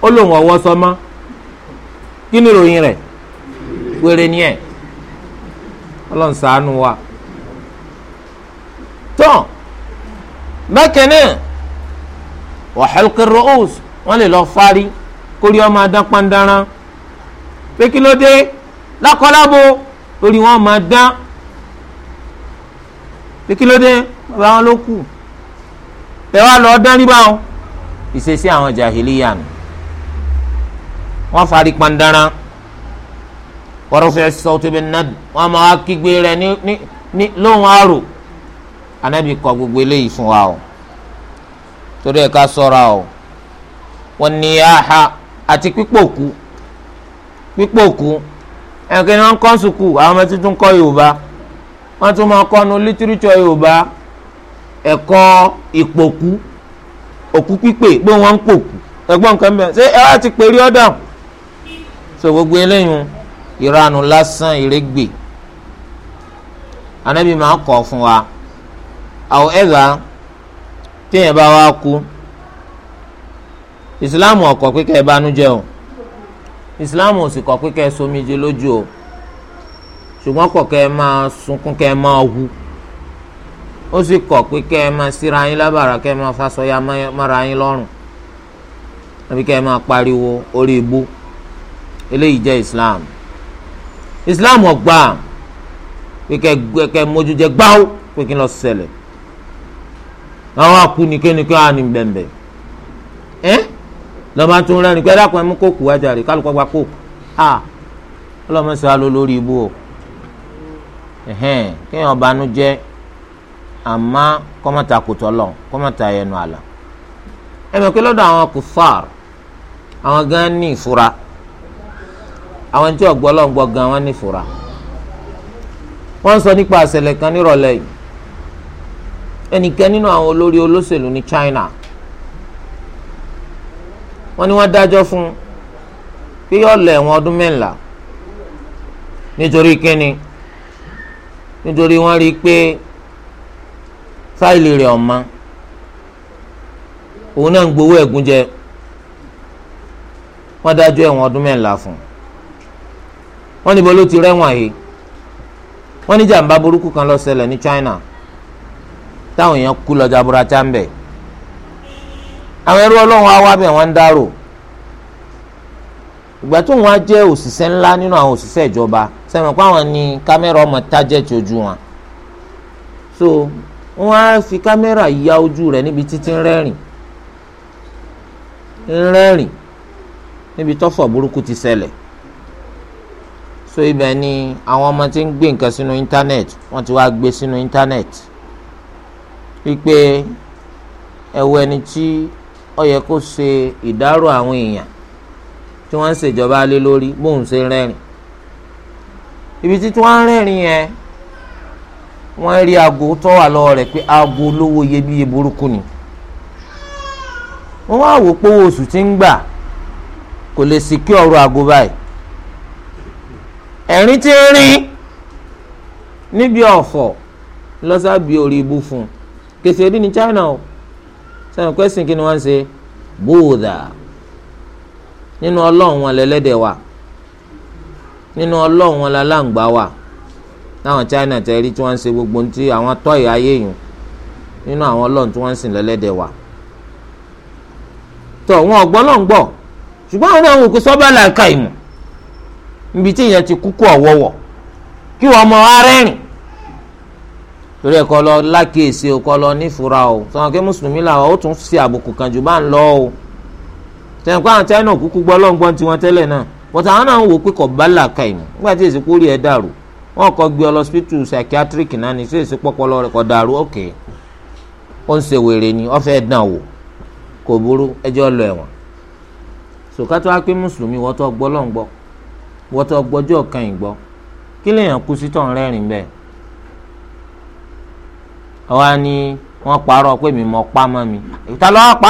ó lòun ọ̀wọ́ sọ mọ́ kí ni ìròyìn rẹ̀ wéré ni ẹ̀ ọlọ́run ṣàánú wa tán bákan náà wàhálùkẹ́ rọ́ọ̀sì wọ́n lè lọ fárí kórí ọmọ adán pandanran pé kí ló dé lákọlábo lórí wọn máa dán pé kí ló dé bàbá wọn ló kù ẹ wá lọ dán níbà wọn ìṣesí àwọn jahiliya nù wọn fari pandara wọ́rọ́fẹ́ sọ́ọ́tù bẹ́ẹ̀ náà máa kígbe rẹ̀ ní ní lóhùn àrò anábì kọ gbogbo eléyìí fún wa o torí ẹ̀ ká sọ́ra o wọ́n ní yáa ha àti pípòkú pípò kú ẹnìkan ni wọ́n kọ́ sùkù àwọn ọmọ tuntun kọ́ yorùbá wọ́n tún máa kọ́ nu lítírìtsọ̀ yorùbá ẹ̀kọ́ ìpòkú òkú pípè gbé wọn ń pòkú ẹ̀gbọ́n nǹkan mẹ́rin ṣé ẹ wá ti pè rí ọ̀dà so gbogbo eléyìí ìranu lásán ìrẹ́gbẹ̀ẹ́ anabi máa kọ̀ fún wa however téèyàn bá wá kú islam ọkọ̀ pé kẹ́ ẹ bánú jẹ́ o islam ò sì kọ́ pé kẹ́ ẹ somijé lójú o ṣùgbọ́n kọ̀ kẹ́ ẹ máa sunkún kẹ́ ẹ máa hu ó sì kọ̀ pé kẹ́ ẹ máa síra yín lábàrá kẹ́ ẹ máa fasọya mára yín lọ́rùn àbí kẹ́ ẹ máa pariwo orí ibú eléyìí jẹ́ islam islam ọgbà pé kẹ́ ẹ mójú jẹ gbáwó pé kí n lọ ṣẹlẹ̀ àwọn akú nìkénìké ànìbẹ̀ǹbẹ̀ ẹ́. Eh? lọ́ba tún rẹ́ni pé dákun ẹ̀ mú kóòkù wá jàre kálukọ́ gba kóòkù à ọlọ́mọ sọ alo lórí ibú o kéèyàn banú jẹ́ àmọ́ kọ́mọ̀tà kòtò lọ kọ́mọ̀tà ẹnu àlà ẹ mọ̀ pé lọ́dọ̀ àwọn kùfàr àwọn gan ní ìfura àwọn tí ọ̀gbọ́ lọ́n gbọ́ gan wọ́n ní ìfura wọ́n sọ nípa àṣẹlẹ̀ kan nírọ̀lẹ́ yìí ẹnìkan nínú àwọn olórí olóṣèlú ní China wọ́n ní wọ́n dájọ́ fún un pé yọ lọ ẹ̀wọ̀n ọdún mẹ́ńlá nítorí kíni nítorí wọ́n rí i pé fáìlì rẹ̀ ọ̀ma òun náà ń gbowó ẹ̀gúnjẹ wọ́n dájọ́ ẹ̀wọ̀n ọdún mẹ́ńlá fún wọ́n níbo ló ti rẹ́wọ̀n yìí wọ́n ní jàǹbá burúkú kan ló ní China táwọn èèyàn kú lọ jaburata ń bẹ̀ àwọn ẹrú ọlọ́run á wá bẹ̀ wọ́n ń dárò ìgbà tó wọn á jẹ́ òṣìṣẹ́ ńlá nínú àwọn òṣìṣẹ́ ìjọba sẹ́wọ̀n pé àwọn ni kámẹ́rà ọmọ tájẹ́tì ojú wọn so wọn á fi kámẹ́rà ya ojú rẹ̀ níbi títí ń rẹ́rìn ń níbi tọ́fọ̀ burúkú ti ṣẹlẹ̀ so ibẹ̀ ni àwọn ọmọ tí ń gbé nǹkan sínú íńtánẹ́ẹ̀tì wọ́n ti wá gbé sínú íńtánẹ́ẹ̀tì wípé ẹ̀wọ̀ ẹni tí ó yẹ kó ṣe ìdárò àwọn èèyàn tí wọ́n ń ṣèjọba lé lórí bóun ṣe rẹ́rìn ibi tí wọ́n ń rẹ́rìn yẹn wọ́n rí aago tó wà lọ́wọ́ rẹ̀ pé aago olówó iyebíye burúkú ni wọ́n wá wò pé owó oṣù tí ń gbà kò lè sì kí ọ̀rọ̀ aago báyìí ẹ̀rín tí ń níbi ọ̀fọ̀ lọ́sàbí orí ibú fún kèsì èdè ní China o. sẹ́wọ̀n kwẹ́sìn kí ni wọ́n ń ṣe bóòdà nínú ọlọ́run wọn lẹ́lẹ́dẹ̀ wa nínú ọlọ́run wọn lálàǹgbá wà táwọn China tẹ̀rí tí wọ́n ń ṣe gbogbo ní ti àwọn tọ́yọ̀ ayé yìí nínú àwọn ọlọ́run tí wọ́n ń sìn lẹ́lẹ́dẹ̀ wa. tọ̀ wọn ọ̀gbọ́n náà ń gbọ́ ṣùgbọ́n àwọn àwọn òkú sọ́bà làǹkà ìmọ̀ níbi tí ìyẹn ti kúkú ọ̀wọ́wọ́ kí wọ́n mọ arẹ́rìn torí ẹ̀kọ́ lọ lákèsí o kọ́ lọ nífura o sọ̀rọ̀ kí mùsùlùmí làwọn ó tún ṣe àbùkù kan jù bá ń lọ o tẹ̀kọ́ àwọn China kúkú gbọ́ lọ́ngbọ́n tiwọn tẹ́lẹ̀ náà bọ́tà àwọn náà ń wò pé kò bá làkà ìmọ̀ nígbà tí èsì kórìí ẹ̀ dàrú wọn kọ́ gbé ọ lọ hospital psychiatric náà ní sí èsì pọ́pọ́lọ́ rẹ̀ kọ́ dàrú ok ó ń ṣe wèrè ni ọ fẹ́ dàn wò kò burú ẹjọ́ lọ ẹ̀wọ̀n sòkátó wá pé mùsùlùmí wọ́tọ́ gbọ́ lọ́ngbọ́ wọ́tọ́ gbọ́jọ́ kan ìgbọ́ kí lèèyàn kú sí tọ̀ rẹ́rìn bẹ́ẹ̀ àwa ni wọ́n parọ́ pé mi mọ̀ pa mọ́ mi ta ló pa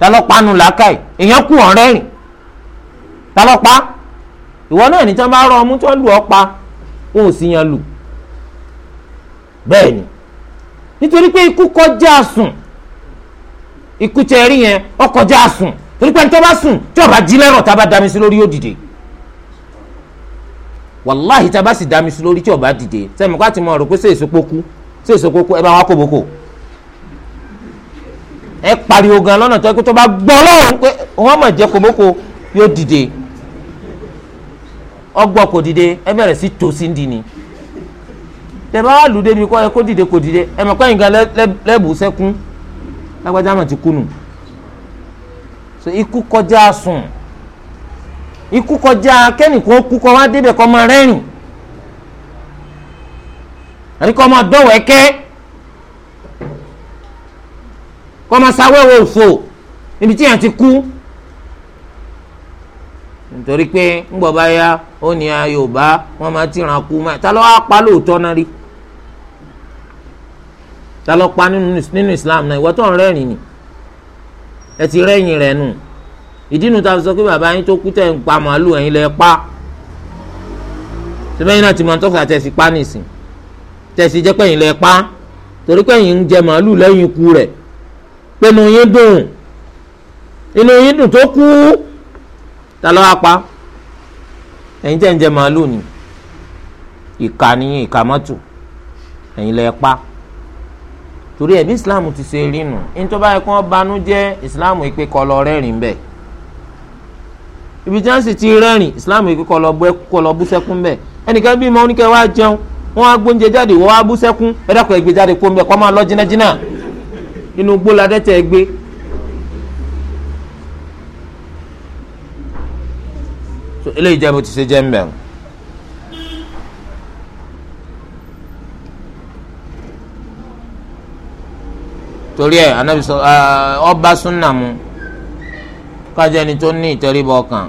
ta ló pa nù làákàyè èèyàn kù ọ̀rẹ́ rìn ta ló pa ìwọ náà ní tí wọ́n bá rọ ọmú tí wọ́n lù ọ́ pa wọn ò sì yan lù bẹ́ẹ̀ ni nítorí pé ikú kọjá sùn ikú tẹ ẹ rí yẹn ó kọjá sùn torí pé ẹni tó bá sùn tí ó jí lẹ́rọ̀ tá a bá dami sí lórí yóò dìde. wàláhì tá a bá sì dá mi sí lórí tí ọba dìde sẹ́mi kó àti mọ̀ rò pé ṣé èsopókú ṣé ẹ bá wá kóbókò ẹ pariwo gan lọ́nà tó ẹ pé tó bá gbọ́ lọ́rùn pé wọ́n mọ̀ jẹ́ kóbókò yóò dìde ọgbọ kò dìde ẹ bẹ̀rẹ̀ sí tòsí ń di ni tẹ̀bá wà lù débi kọ́ ẹ kó dìde kò dìde ẹ lágbájá ti ikú kọjá sùn. So, ikú kọjá kẹ́nìkan ó kú kọ́ wá débẹ̀ kọ́ máa rẹ́rìn àbí kọ́ máa dọ̀wọ́ ẹ̀kẹ́ kọ́ máa sáwẹ́wò òfò níbi tí yàn ti kú nítorí pé ńgbọ̀ bá yá ó ní Yorùbá wọ́n máa ti ràn kú máa ta ló wá pa lóòótọ́ náà rí ta ló pa nínú Islam náà ìwọ rẹ́rìn ni ẹ ti rẹ́yìn rẹ̀ nù ìdí nu ta sọ pé bàbá yín tó kú tẹ̀ ń pa màálù ẹ̀yin lẹ pa sẹ́fẹ̀yìn náà ti mọ̀ tọ́sà tẹ̀sí pa nìsín tẹ̀sí jẹ́ pẹ̀yìn lẹ pa torí pẹ̀yìn ń jẹ màálù lẹ́yìn ikú rẹ̀ pẹ̀nu yín dùn inú yín dùn tó kú ta ló wá ẹ̀yin tẹ̀ ń jẹ màálù ni ìkà ni ìkà mọ́tò ẹ̀yin lẹ pa torí ẹ̀mí Islam ti ṣe rí nù ní tó bá yẹ kó banú jẹ́ Islam ìpè kọlọ rẹ́rìn bẹ́ẹ̀ ibi tí wọ́n sì ti rẹ́rìn islam yìí kọ́ lọ bẹ́ kọ́ lọ bú sẹ́kún bẹ́ẹ̀ ẹnìkan bí mo ní kẹ́ wá jẹun wọ́n á gbóúnjẹ jáde wọ́n á bú sẹ́kún ẹ dákun ẹ gbé jáde kó mbẹ́ kọ́ máa lọ jìnnàjìnnà inú gbó la dẹ́tẹ̀ ẹ gbé. eléyìí jẹ́ ti ṣe jẹ́ mbẹ́ torí ẹ anabi sọ ọba súnà mu kájọ ẹni tó ní ìtẹríba ọkàn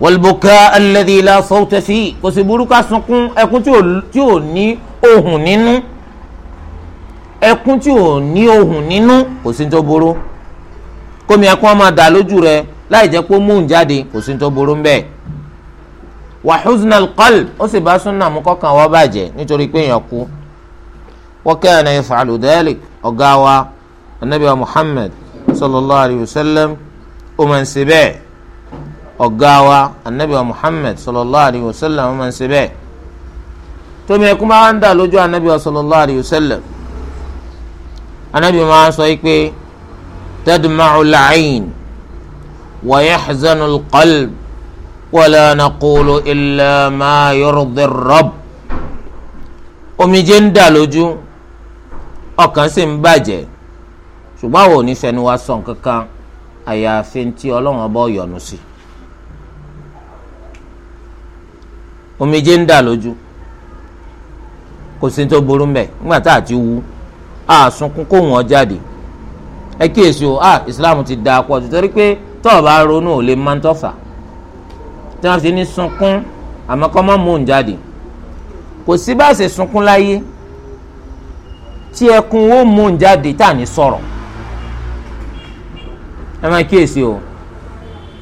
wọlbùkà alẹ́dí ilà sọ́tẹ̀sí kò sì burú ká sunkún ẹkún tí ò ní ohùn nínú ẹkún tí ò ní ohùn nínú kò sí tó burú kómi ẹkún á máa dà lójú rẹ láì jẹ́ pé ó mú un jáde kò sí tó burú ń bẹ́ẹ̀ wàhúzùn alqalb ó sì bá súnà mú kọ́kàn wọ́n bàjẹ́ nítorí pé èèyàn kú wa kana yaf'alu dhalik ọ̀gá wa anabi wa sallallahu alayhi wa sallam ó máa ọ̀gá wa anabi wa muhammed sallallahu alayhi wa sallam wọ́n máa ń ṣe bẹ́ẹ̀ tómi ẹkún máa ń dà lójú anabi wa sallallahu alayhi wa sallam anabi máa ń sọ pé tadmacu lacayn wa yaxzanu lqalb wala naqulu illa ma yurdi rab omijé ń dà lójú ọkàn sì ń bàjẹ́ ṣùgbọ́n àwọn onífẹ́ni wa sọ nǹkan àyàfi tí ọlọ́run ọba ọ̀yọ́nu sí i. omijé ń dà lójú kò sí tó burú mbẹ nígbà tá a ti wú a sunkún kó wọn jáde ẹ kíyèsí o ah islam ti da pọ̀ jù torí pé tọ́ ọ bá ronú ò lè máa ń tọ́fà tí wọ́n ti ní sunkún àmọ́ kọ́ mọ́ mú un jáde kò sí bá a ṣe sunkún láyé tí ẹkún ó mú un jáde tá à ní sọ̀rọ̀ ẹ máa kíyèsí o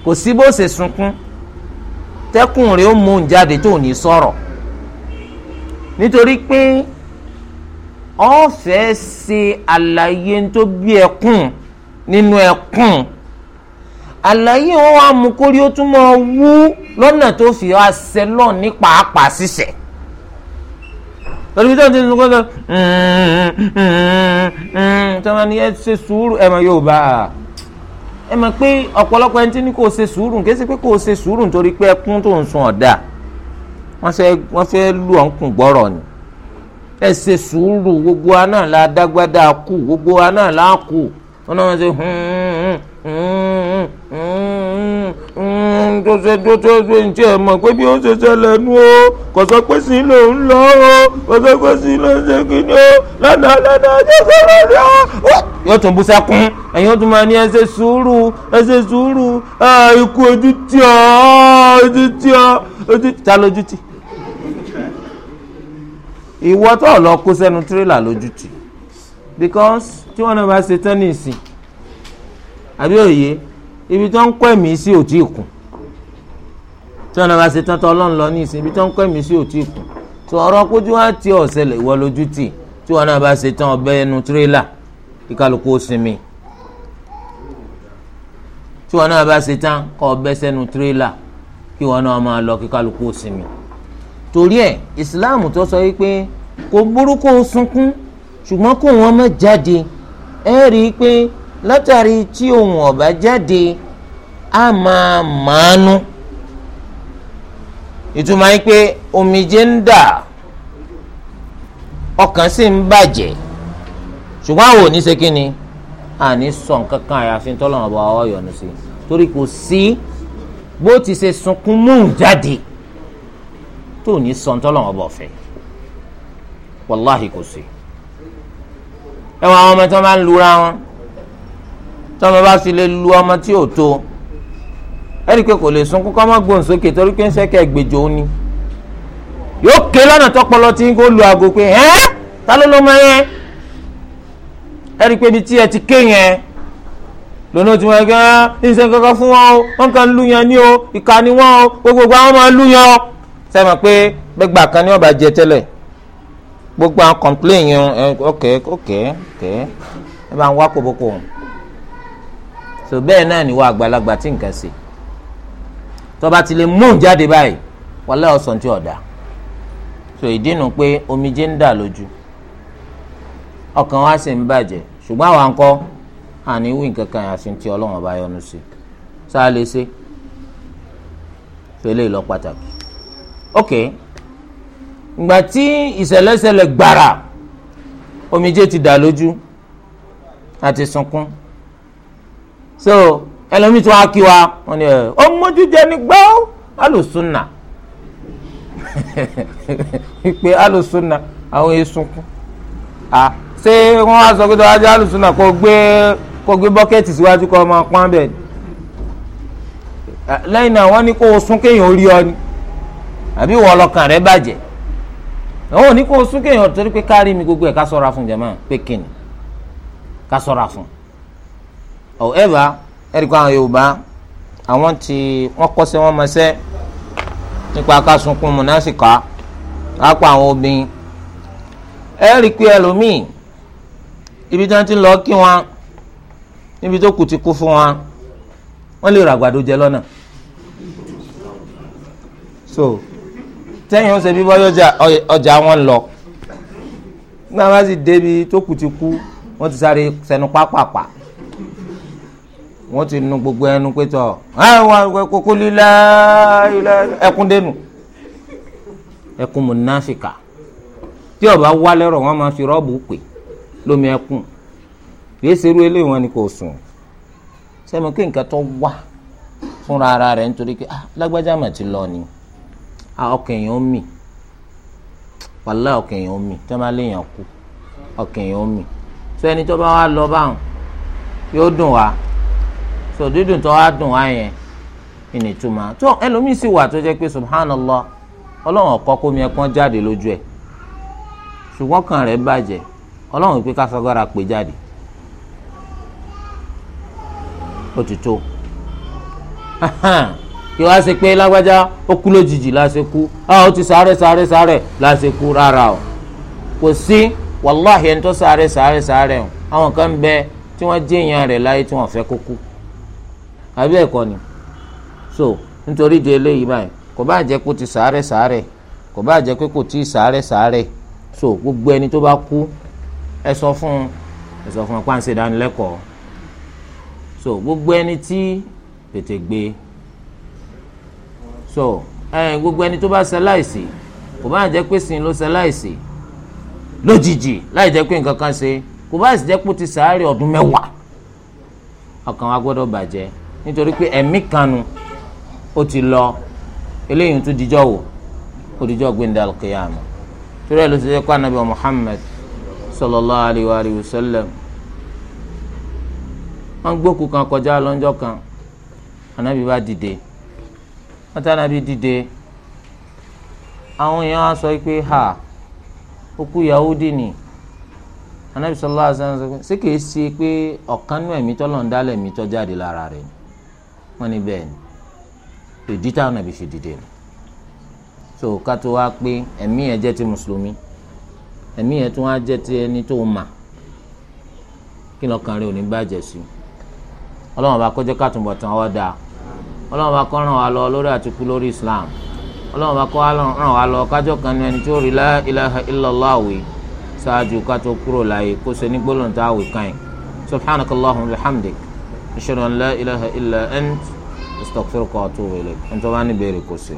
kò sí bó ṣe sunkún tẹ́kùn rẹ̀ ó mú un jáde tó ní sọ̀rọ̀ nítorí pé ó fẹ́ ṣe àlàyé tó bí ẹkùn nínú ẹkùn àlàyé wọn wá mú kórí ó tún máa wú lọ́nà tó fi wá sẹ́lọ̀ ní pàápàá ṣiṣẹ́ lórí tó ń ti ṣe sùúrù ẹ̀ yóò bá a ẹ mọ̀ pé ọ̀pọ̀lọpọ̀ ẹni tí ní kò ṣe sùúrù kí ẹ sì pé kò ṣe sùúrù nítorí pé ẹkún tó ń sun ọ̀dà wọ́n fẹ́ wọ́n fẹ́ lù ọ́ ń kùn gbọ́rọ̀ ni ẹ ṣe sùúrù gbogbo wa la dágbádá kù gbogbo wa la kù wọn náà ṣe hùn hùn hùn tó ṣe tó tó ṣe ń tiẹ̀ mọ̀ pé bí ó ṣe ṣẹlẹ̀ nu o kò sọ pé sí lòun lọ o kò sọ pé sí lòun ṣe kíni o lánàá lánàá ṣe sọ̀rọ̀ rẹ̀ o. yóò tún bú sẹ́kún ẹ̀yin ó tún máa ní ẹ sùúrù ẹ sùúrù ikú ojú tí ọ ojú tí ọ ojú ta lójú tì. ìwọ tó lọ kó sẹ́nu tírélà lójú tì because tí wọ́n náà bá ṣe tán ní ìsìn àbí òye ibi tó ń kọ́ ẹ̀mí sí òtí ìkùn tí wọn náà máa ṣe tán tán ọlọ́run lọ ní ìsìn ibi tó ń kọ́ ẹ̀mí sí òtí kù tó ọ̀rọ̀ kójú wá tí ọ̀sẹ̀ lè wọ lójú tì tí wọn náà bá ṣe tán ọbẹ̀ ẹnu tírélà kí kálukú ó sinmi tí wọn náà bá ṣe tán kọ́ ọbẹ̀ sẹ́nu tírélà kí wọn náà máa lọ kí kálukú ó sinmi torí ẹ̀ ìsìláàmù tó sọ wípé kò burúkú sunkún ṣùgbọ́n kó wọn má jáde ẹ rí i pé látàrí tí òun ọ̀bá jáde á máa màánú. Ma ìtumọ̀ yín pé omijé ń dà ọkàn sì ń bàjẹ́ ṣùgbọ́n àwọn òní ṣe kí ni àní sọ nǹkan kan àyàfi tọ́lọ́mọ bá wọ́ yọ̀nù sí torí kò sí bó ti ṣe sunkún múùn jáde tó ní sọ tọ́lọ́mọ bá fẹ́ wàláhì kò sí. ẹ wọ àwọn ọmọ tí wọn bá ń lura wọn tí wọn bá fi lè lu ọmọ tí ò tó ẹ̀rí pé kò lè sunkún kọ́ mọ́ gbóhùn sókè torí pé ń sẹ́kẹ̀ gbèjò ni yóò ké lọ́nà tọpọlọ tí kò lu aago pé ẹ́ ta ló ló mọ yẹn ẹ̀rí pé ibi tí ẹ ti ké yẹn lónà tí wọ́n gbẹ́ ẹ́ kankan fún wọn o wọ́n kàn lu yẹn ní o ìka ni wọ́n o gbogbo àwọn máa ń lu yẹn o sẹ́mi pé gbẹ́gbà kan ní ọba jẹ tẹ́lẹ̀ gbogbo àwọn complain yẹn ọkẹ́ ọkẹ́ ọkẹ́ ẹ bá ń wá kóbókó so bẹ́ẹ̀ náà ni wọ́n àgbàlagbà tí nǹkan ṣe tó bá ti lè mú jáde báyìí wọlé ọ̀sán tí ọ̀dà so ìdí nu pé omijé ń dà lójú ọkàn wa sì ń bàjẹ́ ṣùgbọ́n àwa ń kọ́ àní wí nǹkan kan àfi tí ọlọ́run bá yọ́nú sí sá lè ṣe fẹlẹ́ ìlọ pàtàkì ok ìgbà tí ìṣẹ̀lẹ̀ gbàrà omijé ti dà lójú àti sunkún so ẹlòmíì tí wàá kí wa wọn ni ọ mójú jẹ ní alùsùnà ìpè <laughs> alùsùnà àwọn esunkun a ṣé wọn wá sọ pé tọ́wájú alùsùnà kò gbé kò gbé bọ́kẹ́tì síwájú kọ́ ọmọ pọ́n bẹ́ẹ̀ ni ọ ni àbí wọ́n rẹ bàjẹ́ ní kó o sún kéèyàn torí pé kárí mi gbogbo ẹ̀ ká fún ẹ̀rí kó àwọn yorùbá àwọn tí wọ́n kọ́sẹ́ wọ́n mọṣẹ́ nípa akásùnkún mùnásìkà lápò àwọn obìnrin ẹ̀rí pé ẹlòmíì ibi tí wọ́n ti lọ kí wọn níbi tó kù ti kú fún wọn wọ́n lè ra àgbàdo jẹ lọ́nà so tẹ́yìn ó ṣe bí bọ́yọ̀ ọjà wọn lọ nígbà wọn sì débi tó kù ti kú wọ́n ti sáré sẹnu pápápá. Pa, pa, pa wọ́n ti nu gbogbo ẹnu pé tọ́ kókó lílá ẹkún dénú ẹkún mùnáfìkà tí ọba wá lẹ́rọ̀ wọ́n máa fi rọ́ọ̀bù pè lómi ẹkún kìí ṣerú eléyìí wọn ni kò sùn sẹ́mi kí nǹkan tó wà fúnra ara rẹ̀ nítorí pé ah lágbájá mà ti lọ ni ah ọkàn èèyàn ń mì wàlá ọkàn èèyàn ń mì tẹ́ máa léèyàn kú ọkàn èèyàn ń mì sọ ẹni tó bá wà lọ báwọn yóò dùn wá. so dídùn tó wá dùn wá yẹn ìní túmọ̀ tó ẹlòmíì sì wà tó jẹ́ pé subhanallah ọlọ́run ọ̀kọ́ kó mi ẹ̀pọ́n jáde lójú ẹ̀ ṣùgbọ́n kan rẹ̀ bàjẹ́ ọlọ́run pé káfíńgọ́ra pè jáde ó ti tó <laughs> kí wá ṣe pé lágbájá ó kú lójijì láṣẹ kú ó ti sáré sáré sáré láṣẹ kú rárá o kò sí wàláhì ẹni tó sáré sáré sáré o àwọn kan ń bẹ tí wọ́n jẹ́ èèyàn rẹ̀ láyé tí wọ́n fẹ́ kó kú àbí ẹ̀kọ́ ni so nítorí di eléyìí báyìí kò bá jẹ́ kó ti sàárẹ̀ sàárẹ̀ kò bá jẹ́ pé kò sàárẹ̀ sàárẹ̀ so gbogbo ẹni tó bá kú ẹ sọ fún ẹ sọ fún ẹ pàǹsẹ̀ ìdánilẹ́kọ̀ọ́ so gbogbo ẹni tí tètè gbé so ẹ gbogbo ẹni tó bá ṣaláìsí kò bá jẹ́ pé sin ló ṣaláìsí lójijì láì jẹ́ pé nǹkan kan ṣe kò bá jẹ́ pé ti sàárẹ̀ ọdún mẹ́wàá ọkàn wa gbọ́dọ̀ bàjẹ́ nítorí pé ẹ̀mí kanu ó ti lọ eléyìí tó dijọ́ wò ó dijọ́ gbẹ̀ndẹ̀ alqiyama torí ẹ̀ ló ti jẹ́ anabi Muhammad sallallahu alayhi wa alihi wa sallam wọ́n gbókù kan kọjá lọ́jọ́ kan anabi bá dìde wọ́n tá anabi dìde àwọn èèyàn á sọ pé ha òkú Yahudi ni anabi sallallahu alayhi wa sallam ṣé kìí ṣe pé ọ̀kanú ẹ̀mí tọ́lọ̀ ń dálẹ̀ ẹ̀mí tọ́ jáde lára rẹ̀ ni wọ́n ní bẹ́ẹ̀ ni ìdí táwọn nàbí fi dìde nù so ká tó wá pé ẹ̀mí yẹn jẹ́ ti mùsùlùmí ẹ̀mí yẹn tó wá jẹ́ ti ẹni tó mà kí lọ́kàn rẹ̀ ò ní bàjẹ́ sí ọlọ́run bá kọjọ́ kàtúnbọ̀ tán wọ́n dáa ọlọ́run bá kọ́ ràn wá lọ lórí àtikú lórí Islam ọlọ́run bá kọ́ ràn wá lọ kájọ́ kan ní ẹni tí rí la ilaha ṣáájú ká tó kúrò láyé kó ṣe ní gbólóǹtà àwìkan yìí subhanakallahumma wa bihamdik ashhadu an la ilaha illa ant astaghfiruka wa atubu ilayk ẹni tó bá ní béèrè kò sí.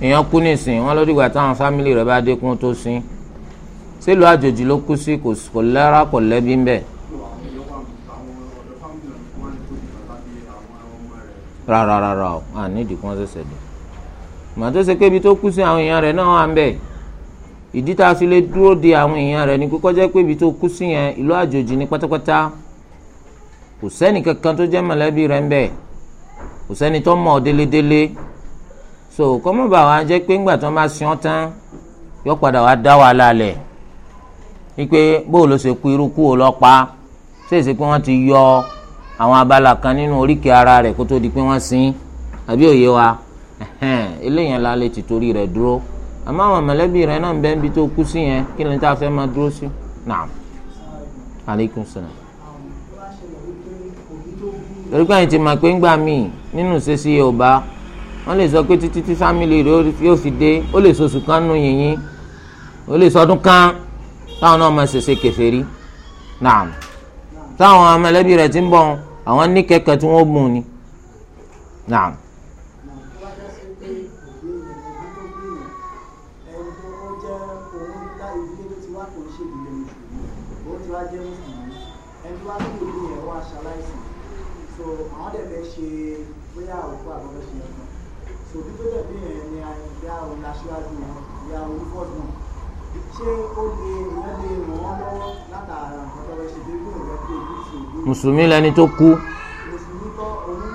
èèyàn kú nísìn wọn lórí ìgbà táwọn fámìlì rẹ̀ bá dékun tó sin sílùú àjòjì ló kú sí kò lẹ́ra kò lẹ́bí ńbẹ̀. rárá rárá o àníìdí kan ṣẹ̀ṣẹ̀ dé màá tó ṣe pé ibi tó kú sí àwọn èèyàn rẹ̀ náà wà ń bẹ̀ ìdí tá a fi lè dúró de àwọn èèyàn rẹ̀ ni kókó jẹ́ pé ibi tó kú sí yẹn ìlú àjòjì ni pátápátá kò sẹ́ni kankan tó jẹ́ mọ̀lẹ́bí rẹ̀ ń bẹ̀ kò sẹ́ni tó mọ̀ délédélé so kọ́mọ̀bà wa jẹ́ pé ńgbà tó máa sìn ọ́ tán yọ padà wá dá wàhálà lẹ̀ wípé bóò ló ṣe kú irú kú ò lọ pa ṣèṣe pé wọ́n ti yọ àwọn abala kan nínú oríkèé ara rẹ̀ kó tó di pé wọ́n sin àbí òye wa eléyẹn la lè ti torí rẹ̀ dúró àmọ́ àwọn mọ̀lẹ́bí rẹ̀ náà ń bẹ níbi tó kú sí yẹn kí ni tá a fẹ́ máa dúró sí naam aleykum salaam. torí pé àyìn ti máa pé ń gbà míì nínú ṣẹ́sí yorùbá wọ́n lè sọ pé títí tí fámìlì rẹ̀ yóò fi dé ó lè sọ oṣù kan nù yìnyín ó lè sọdún kan táwọn náà máa ṣẹṣẹ kèfèrí naam táwọn mọ̀lẹ́bí rẹ̀ ti ń bọ̀ àwọn níkẹ́kẹ́ tí wọ́n mú ni naam. ṣé ó lè èèyàn lè ràn wọ́n lọ́wọ́ látara nǹkan tó lọ ṣe dé bí òun lọ́dún ojú sí òbí. mùsùlùmí lẹni tó kú. mùsùlùmí tó òun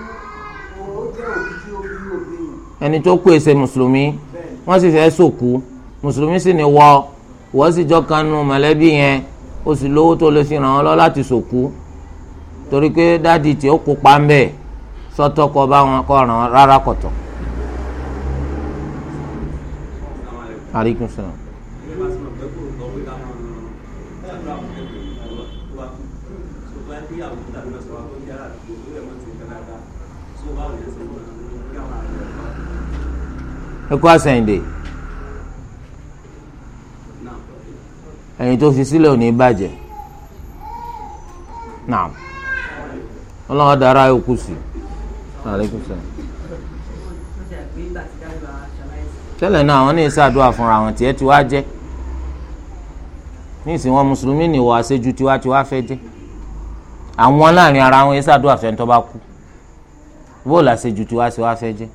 ó ẹni tó kú èsè mùsùlùmí wọ́n sì fẹ́ sòkú mùsùlùmí sì ni wọ́ wọ́n sì jọ kanu mọ̀lẹ́bí yẹn o sì lówó tó lè fi ràn wọ́n lọ láti sòkú torí pé dáàdi tí ó kópa ń bẹ̀ kọ bá wọn kọ ràn rárá kọ̀tọ̀. aleykum salaam. ẹkú àsẹ̀yìndè enyi tó fi sílẹ̀ ò ní bàjẹ́ naam ọlọ́run dára òkú sí aleykum salaam. tẹ́lẹ̀ náà àwọn ní ìsàdúrà fúnra wọn tiẹ̀ tí wàá jẹ́ ní ìsìn wọn mùsùlùmí ni wọ́n aṣẹ́jú tiwa tiwa fẹ́ jẹ́ àwọn láàrin ara wọn ìsàdúrà fẹ́ ń tọ́ bá kú bóòlù aṣẹ́jú tiwa tiwa fẹ́ jẹ́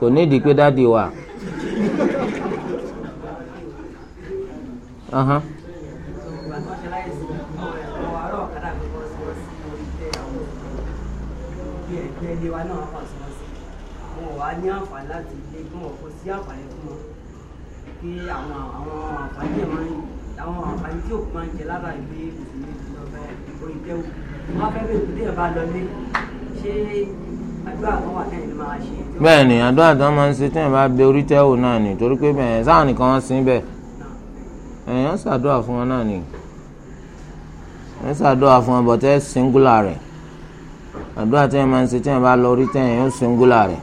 kò nídìí pé dáàdi wa. ní àǹfààní pé àwọn àwọn àǹfààní yẹn bẹ́ẹ̀ ni àdúrà tó máa ń ṣe tí wọ́n bá bẹ orí tẹ́wò náà ni torí pé bẹ́ẹ̀ sáwọn nìkan wọ́n sin bẹ́ẹ̀ èèyàn ṣàdúrà fún wọn náà ni èèyàn ṣàdúrà fún wọn bọ̀tẹ́ singular rẹ̀ àdúrà tí wọ́n máa ń ṣe tí wọ́n bá lọ orí tẹ́yìn yóò singular rẹ̀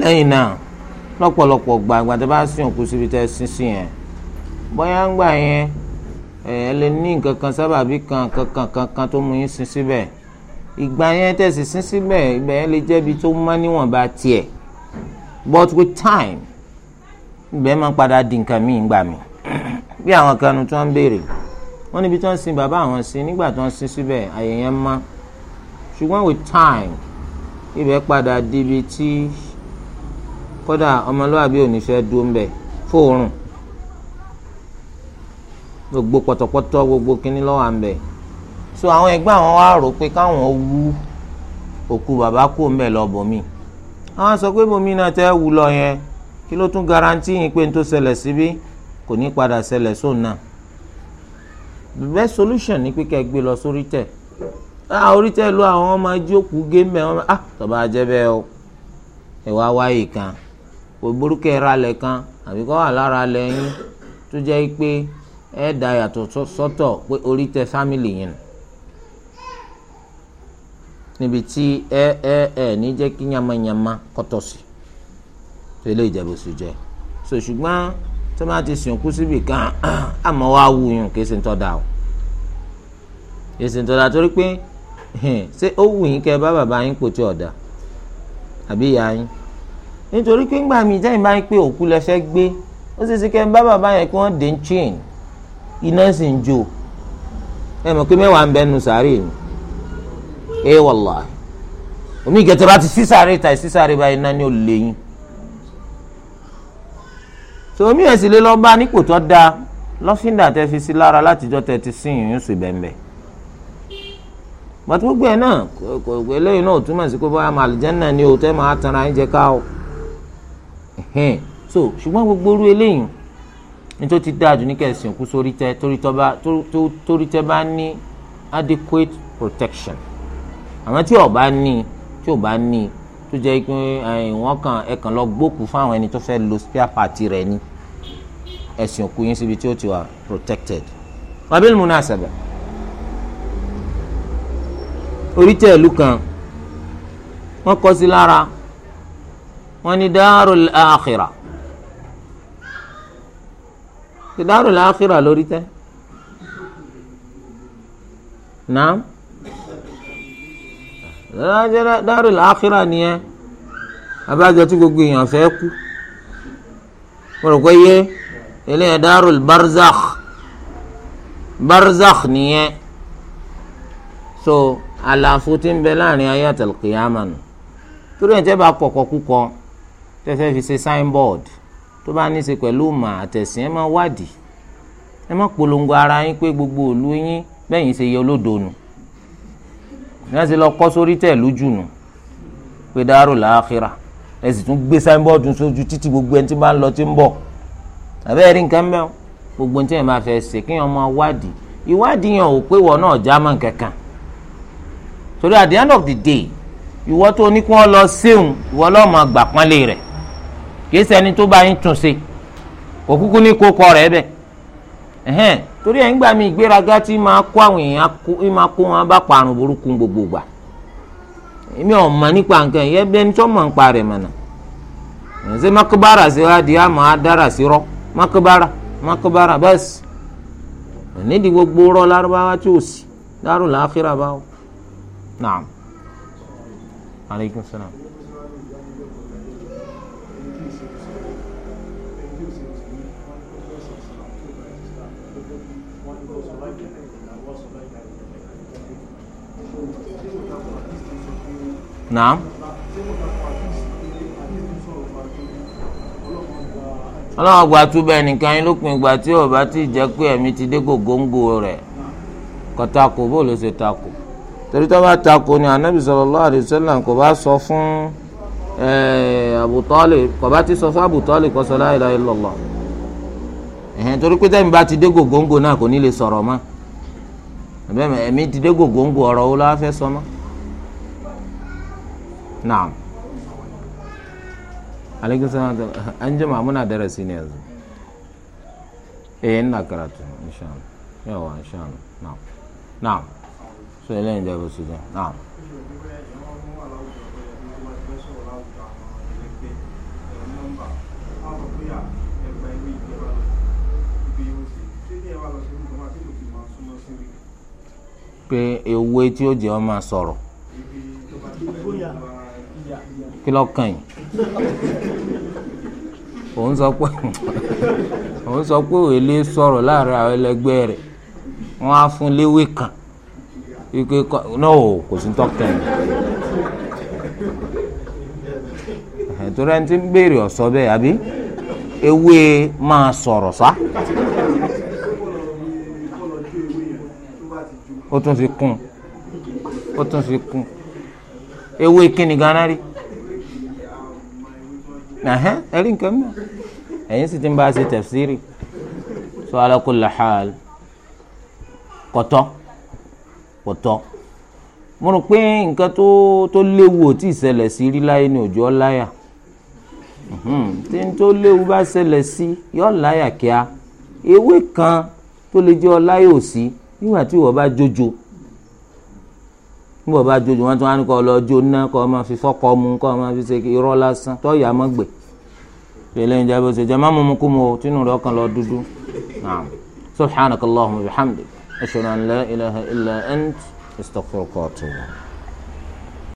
lẹ́yìn náà lọ́pọ̀lọpọ̀ gbàgbà tó bá sin òkú síbi tẹ́ sin sí yẹn bóyá ń gbà yẹn ẹ̀ ẹ lè ní nǹkan kan sábàbí kan kankan kan tó mú yín sin síbẹ̀ ìgbà yẹn tẹ̀sí sín síbẹ̀ ìgbà yẹn lè jẹ́bi tó mọ́ níwọ̀nba tiẹ̀ but with time ìgbà yẹn máa ń padà di nǹkan míì gbà mí <clears throat> bí àwọn kanu tó ń béèrè wọ́n níbi tó ń sin bàbá àwọn sí nígbà tó ń sin síbẹ̀ àyè yẹn mọ́ ṣùgbọ́n with time ibẹ̀ padà di ibi tí kódà ọmọlúwàbí oníṣẹ́ dúró ń bẹ̀ fóòrùn gbogbo pọ̀tọ̀pọ̀tọ̀ gbogbo kínní lọ́wọ́ à ń bẹ̀ so àwọn ẹgbẹ́ àwọn wá rò pé káwọn wú òkú bàbá kú ń bẹ̀ lọ bòmí àwọn sọ pé bòmí náà tẹ́ wù lọ yẹn kí ló tún garanti yín pé n tó ṣẹlẹ̀ síbí kò ní padà ṣẹlẹ̀ sóun náà the best solution ni pé kẹ́ gbé lọ sórí tẹ̀ ah orí tẹ̀ lu àwọn ọmọ ajókù gémẹ̀ ọmọ ah tọ́ba ajẹ́bẹ́ o ẹ̀ wá wáyé kan kò burúkẹ́ ra lẹ̀ kan àbí kọ́ wà lára lẹ́yìn tó jẹ́ pé ẹ̀ dá yàtọ̀ sọ́tọ̀ pé orí tẹ̀ fámìlì yẹn níbi tí ẹ ẹ ẹ ní jẹ́ kí yamayama kọ́tọ̀ sí tó ilé ìjẹ́bù sì jẹ́ so ṣùgbọ́n tó máa ti sìnkú síbi kan <clears throat> àmọ́ wá wù yín kì í ṣe ń da. o kì í ṣe ń tọ́da torí pé ṣé ó wù yín kẹ́ bá bàbá yín pò tí ọ̀dà àbí ìyá yín nítorí pé ńgbà mí jẹ́ ìbá yín pé òkú lẹ fẹ́ gbé ó ṣe ṣe kẹ́ bá bàbá yẹn kí wọ́n dé ń chain iná sì ń jó ẹ mọ̀ pé mẹ́wàá ń bẹ́nu sàárè ni ee eh, wallahi omi ìgẹ̀tẹ̀ bá ti sísáré ta sísáré báyìí náà ni ó lè yín so omi ẹ̀ sì lè lọ bá nípò tó dáa lọ́fíńdà tẹ́ fi sí lára látijọ́ tẹ́ ti sìn yín sùn bẹ́ẹ̀ bàtú gbogbo ẹ̀ náà kò eléyìí náà ò túmọ̀ sí pé báyà máa àlìjẹ́nà ni o tẹ́ máa tanra ẹ̀ jẹ́ ká o so ṣùgbọ́n gbogbo orú eléyìí nítorí ti dáa jù ní kẹsàn-án kú sórí tẹ torí tẹ bá ní adequate protection àmọ́ tí ọba ní tí ọba ní tó jẹ́ pé eh, wọ́n kàn ẹ kàn lọ gbókù fáwọn ẹni tó fẹ́ lo spare part rẹ̀ ni ẹ̀sìn òkú yín síbi tí ó ti wà protected. wabil munasaba orítẹ̀ ìlú kan wọ́n kọ́ sí lára wọ́n ní darul akhirah darul akhirah lórí tẹ́ dájẹ́ dárò láàkírà nìyẹn abájọ tí gbogbo èèyàn fẹ́ kú mo rò pé yé eléyàn dárò barzakh barzakh nìyẹn so àlàfo tí ń bẹ láàrin ayé àtàlùkìyàmà nù torí ẹ̀ tẹ́ bá kọ̀kọ́ kúkọ tẹ́ fẹ́ fi ṣe signboard tó bá ní í ṣe pẹ̀lú mà àtẹ̀sìn ẹ má wádìí ẹ má polongo ara yín pé gbogbo òlu yín bẹ́yìn ṣe yẹ olódo nù ní wọ́n ti lọ kọ́ sórí tẹ̀ lójú nù pé dárò láàkírà ẹ sì tún gbé sáínbọ́ọ̀dù sójú títí gbogbo ẹni tí bá ń lọ tí ń bọ̀ àbẹ́ ẹ̀rí nǹkan mẹ́wọ́ gbogbo ní tí yẹn máa fẹ́ ṣe kí yẹn máa wádìí ìwádìí yẹn ò pé wọ́n náà já mọ́ kankan torí at the end of the day ìwọ tó ní kí wọ́n lọ séun ìwọ lọ́ọ́ máa gbà pọ́nlé rẹ̀ kì í ṣẹni tó bá yín tún ṣe òkúkú ní kókọ rẹ̀ bẹ́ẹ̀ torí ẹ̀ ń gbà mí ìgbéraga tí máa kó àwọn èèyàn kó máa kó wọn bá parun burúkú gbogbo gbà èmi ò mọ̀ nípa nǹkan yẹn bẹ́ẹ̀ ní tó mọ̀ nípa rẹ̀ mọ̀nà ṣe makubara ṣe wá di àmọ́ adára sí rọ́ makubara makubara bẹ́ẹ̀sì nídìí gbogbo rọ́ lárúbáwá tí ò sí dárò láàkírà naam aleykum salaam. naam ọlọ́run ọgbà túbọ̀ ẹnìkan yín lópin ìgbà tí ti jẹ́ pé ẹ̀mí ti dé gògóńgò rẹ̀ kọ́tàkù bó ló ṣe takù torí ni anabi kò bá sọ fún Abu kò bá ti sọ fún la ilaha torí pé tẹ́mi bá ti dé gògóńgò náà kò ní lè ti dé gògóńgò ọ̀rọ̀ wo la fẹ́ na'am alaikun na an jima muna darasi ne yanzu eh ina karatu insha Allah yawa insha Allah na'am na'am so ile da su da na'am pe ewé tí ó jẹ́ ọ máa sọ̀rọ̀ kí lọ́kàn yìí òun sọ pé òun sọ pé òun lè sọ̀rọ̀ láàrin àwọn ẹlẹgbẹ́ rẹ̀ wọ́n á fún léwé kan wípé náà ò kò sí tọ́kàn yìí ìtura ẹni tí ń béèrè ọ̀sọ́ bẹ́ẹ̀ àbí ewé máa sọ̀rọ̀ sá ó tún fi kún ó tún fi kún ewé kíni ganan rí. ẹ̀rí nǹkan mọ́ ẹ̀yin sì ti ń bá a ṣe tẹ̀fsíìrì so ala kulli hal kọ̀tọ́ kọ̀tọ́ mo rò pé nǹkan tó tó léwu ò tí ì ṣẹlẹ̀ sí rí láyé ní òjò ọláyà tí n tó léwu bá ṣẹlẹ̀ sí yọ láyà kíá ewé kan tó lè jẹ́ ọláyà òsì nígbà tí ìwọ bá jójo níbo bá jojú wọn tó wọn kọ lọ jóná kọ máa fi fọkọ mu kọ máa fi ṣe irọ́ lásán tọ́yọ̀ àmọ́gbè ìrẹ̀lẹ̀ ìjà bó ṣe jẹ́ má mú mu kú mu o tínú rẹ̀ ọkàn lọ dúdú naam subhanakallahumma wa bihamdik ashhadu an la ilaha illa ant astaghfiruka wa atubu.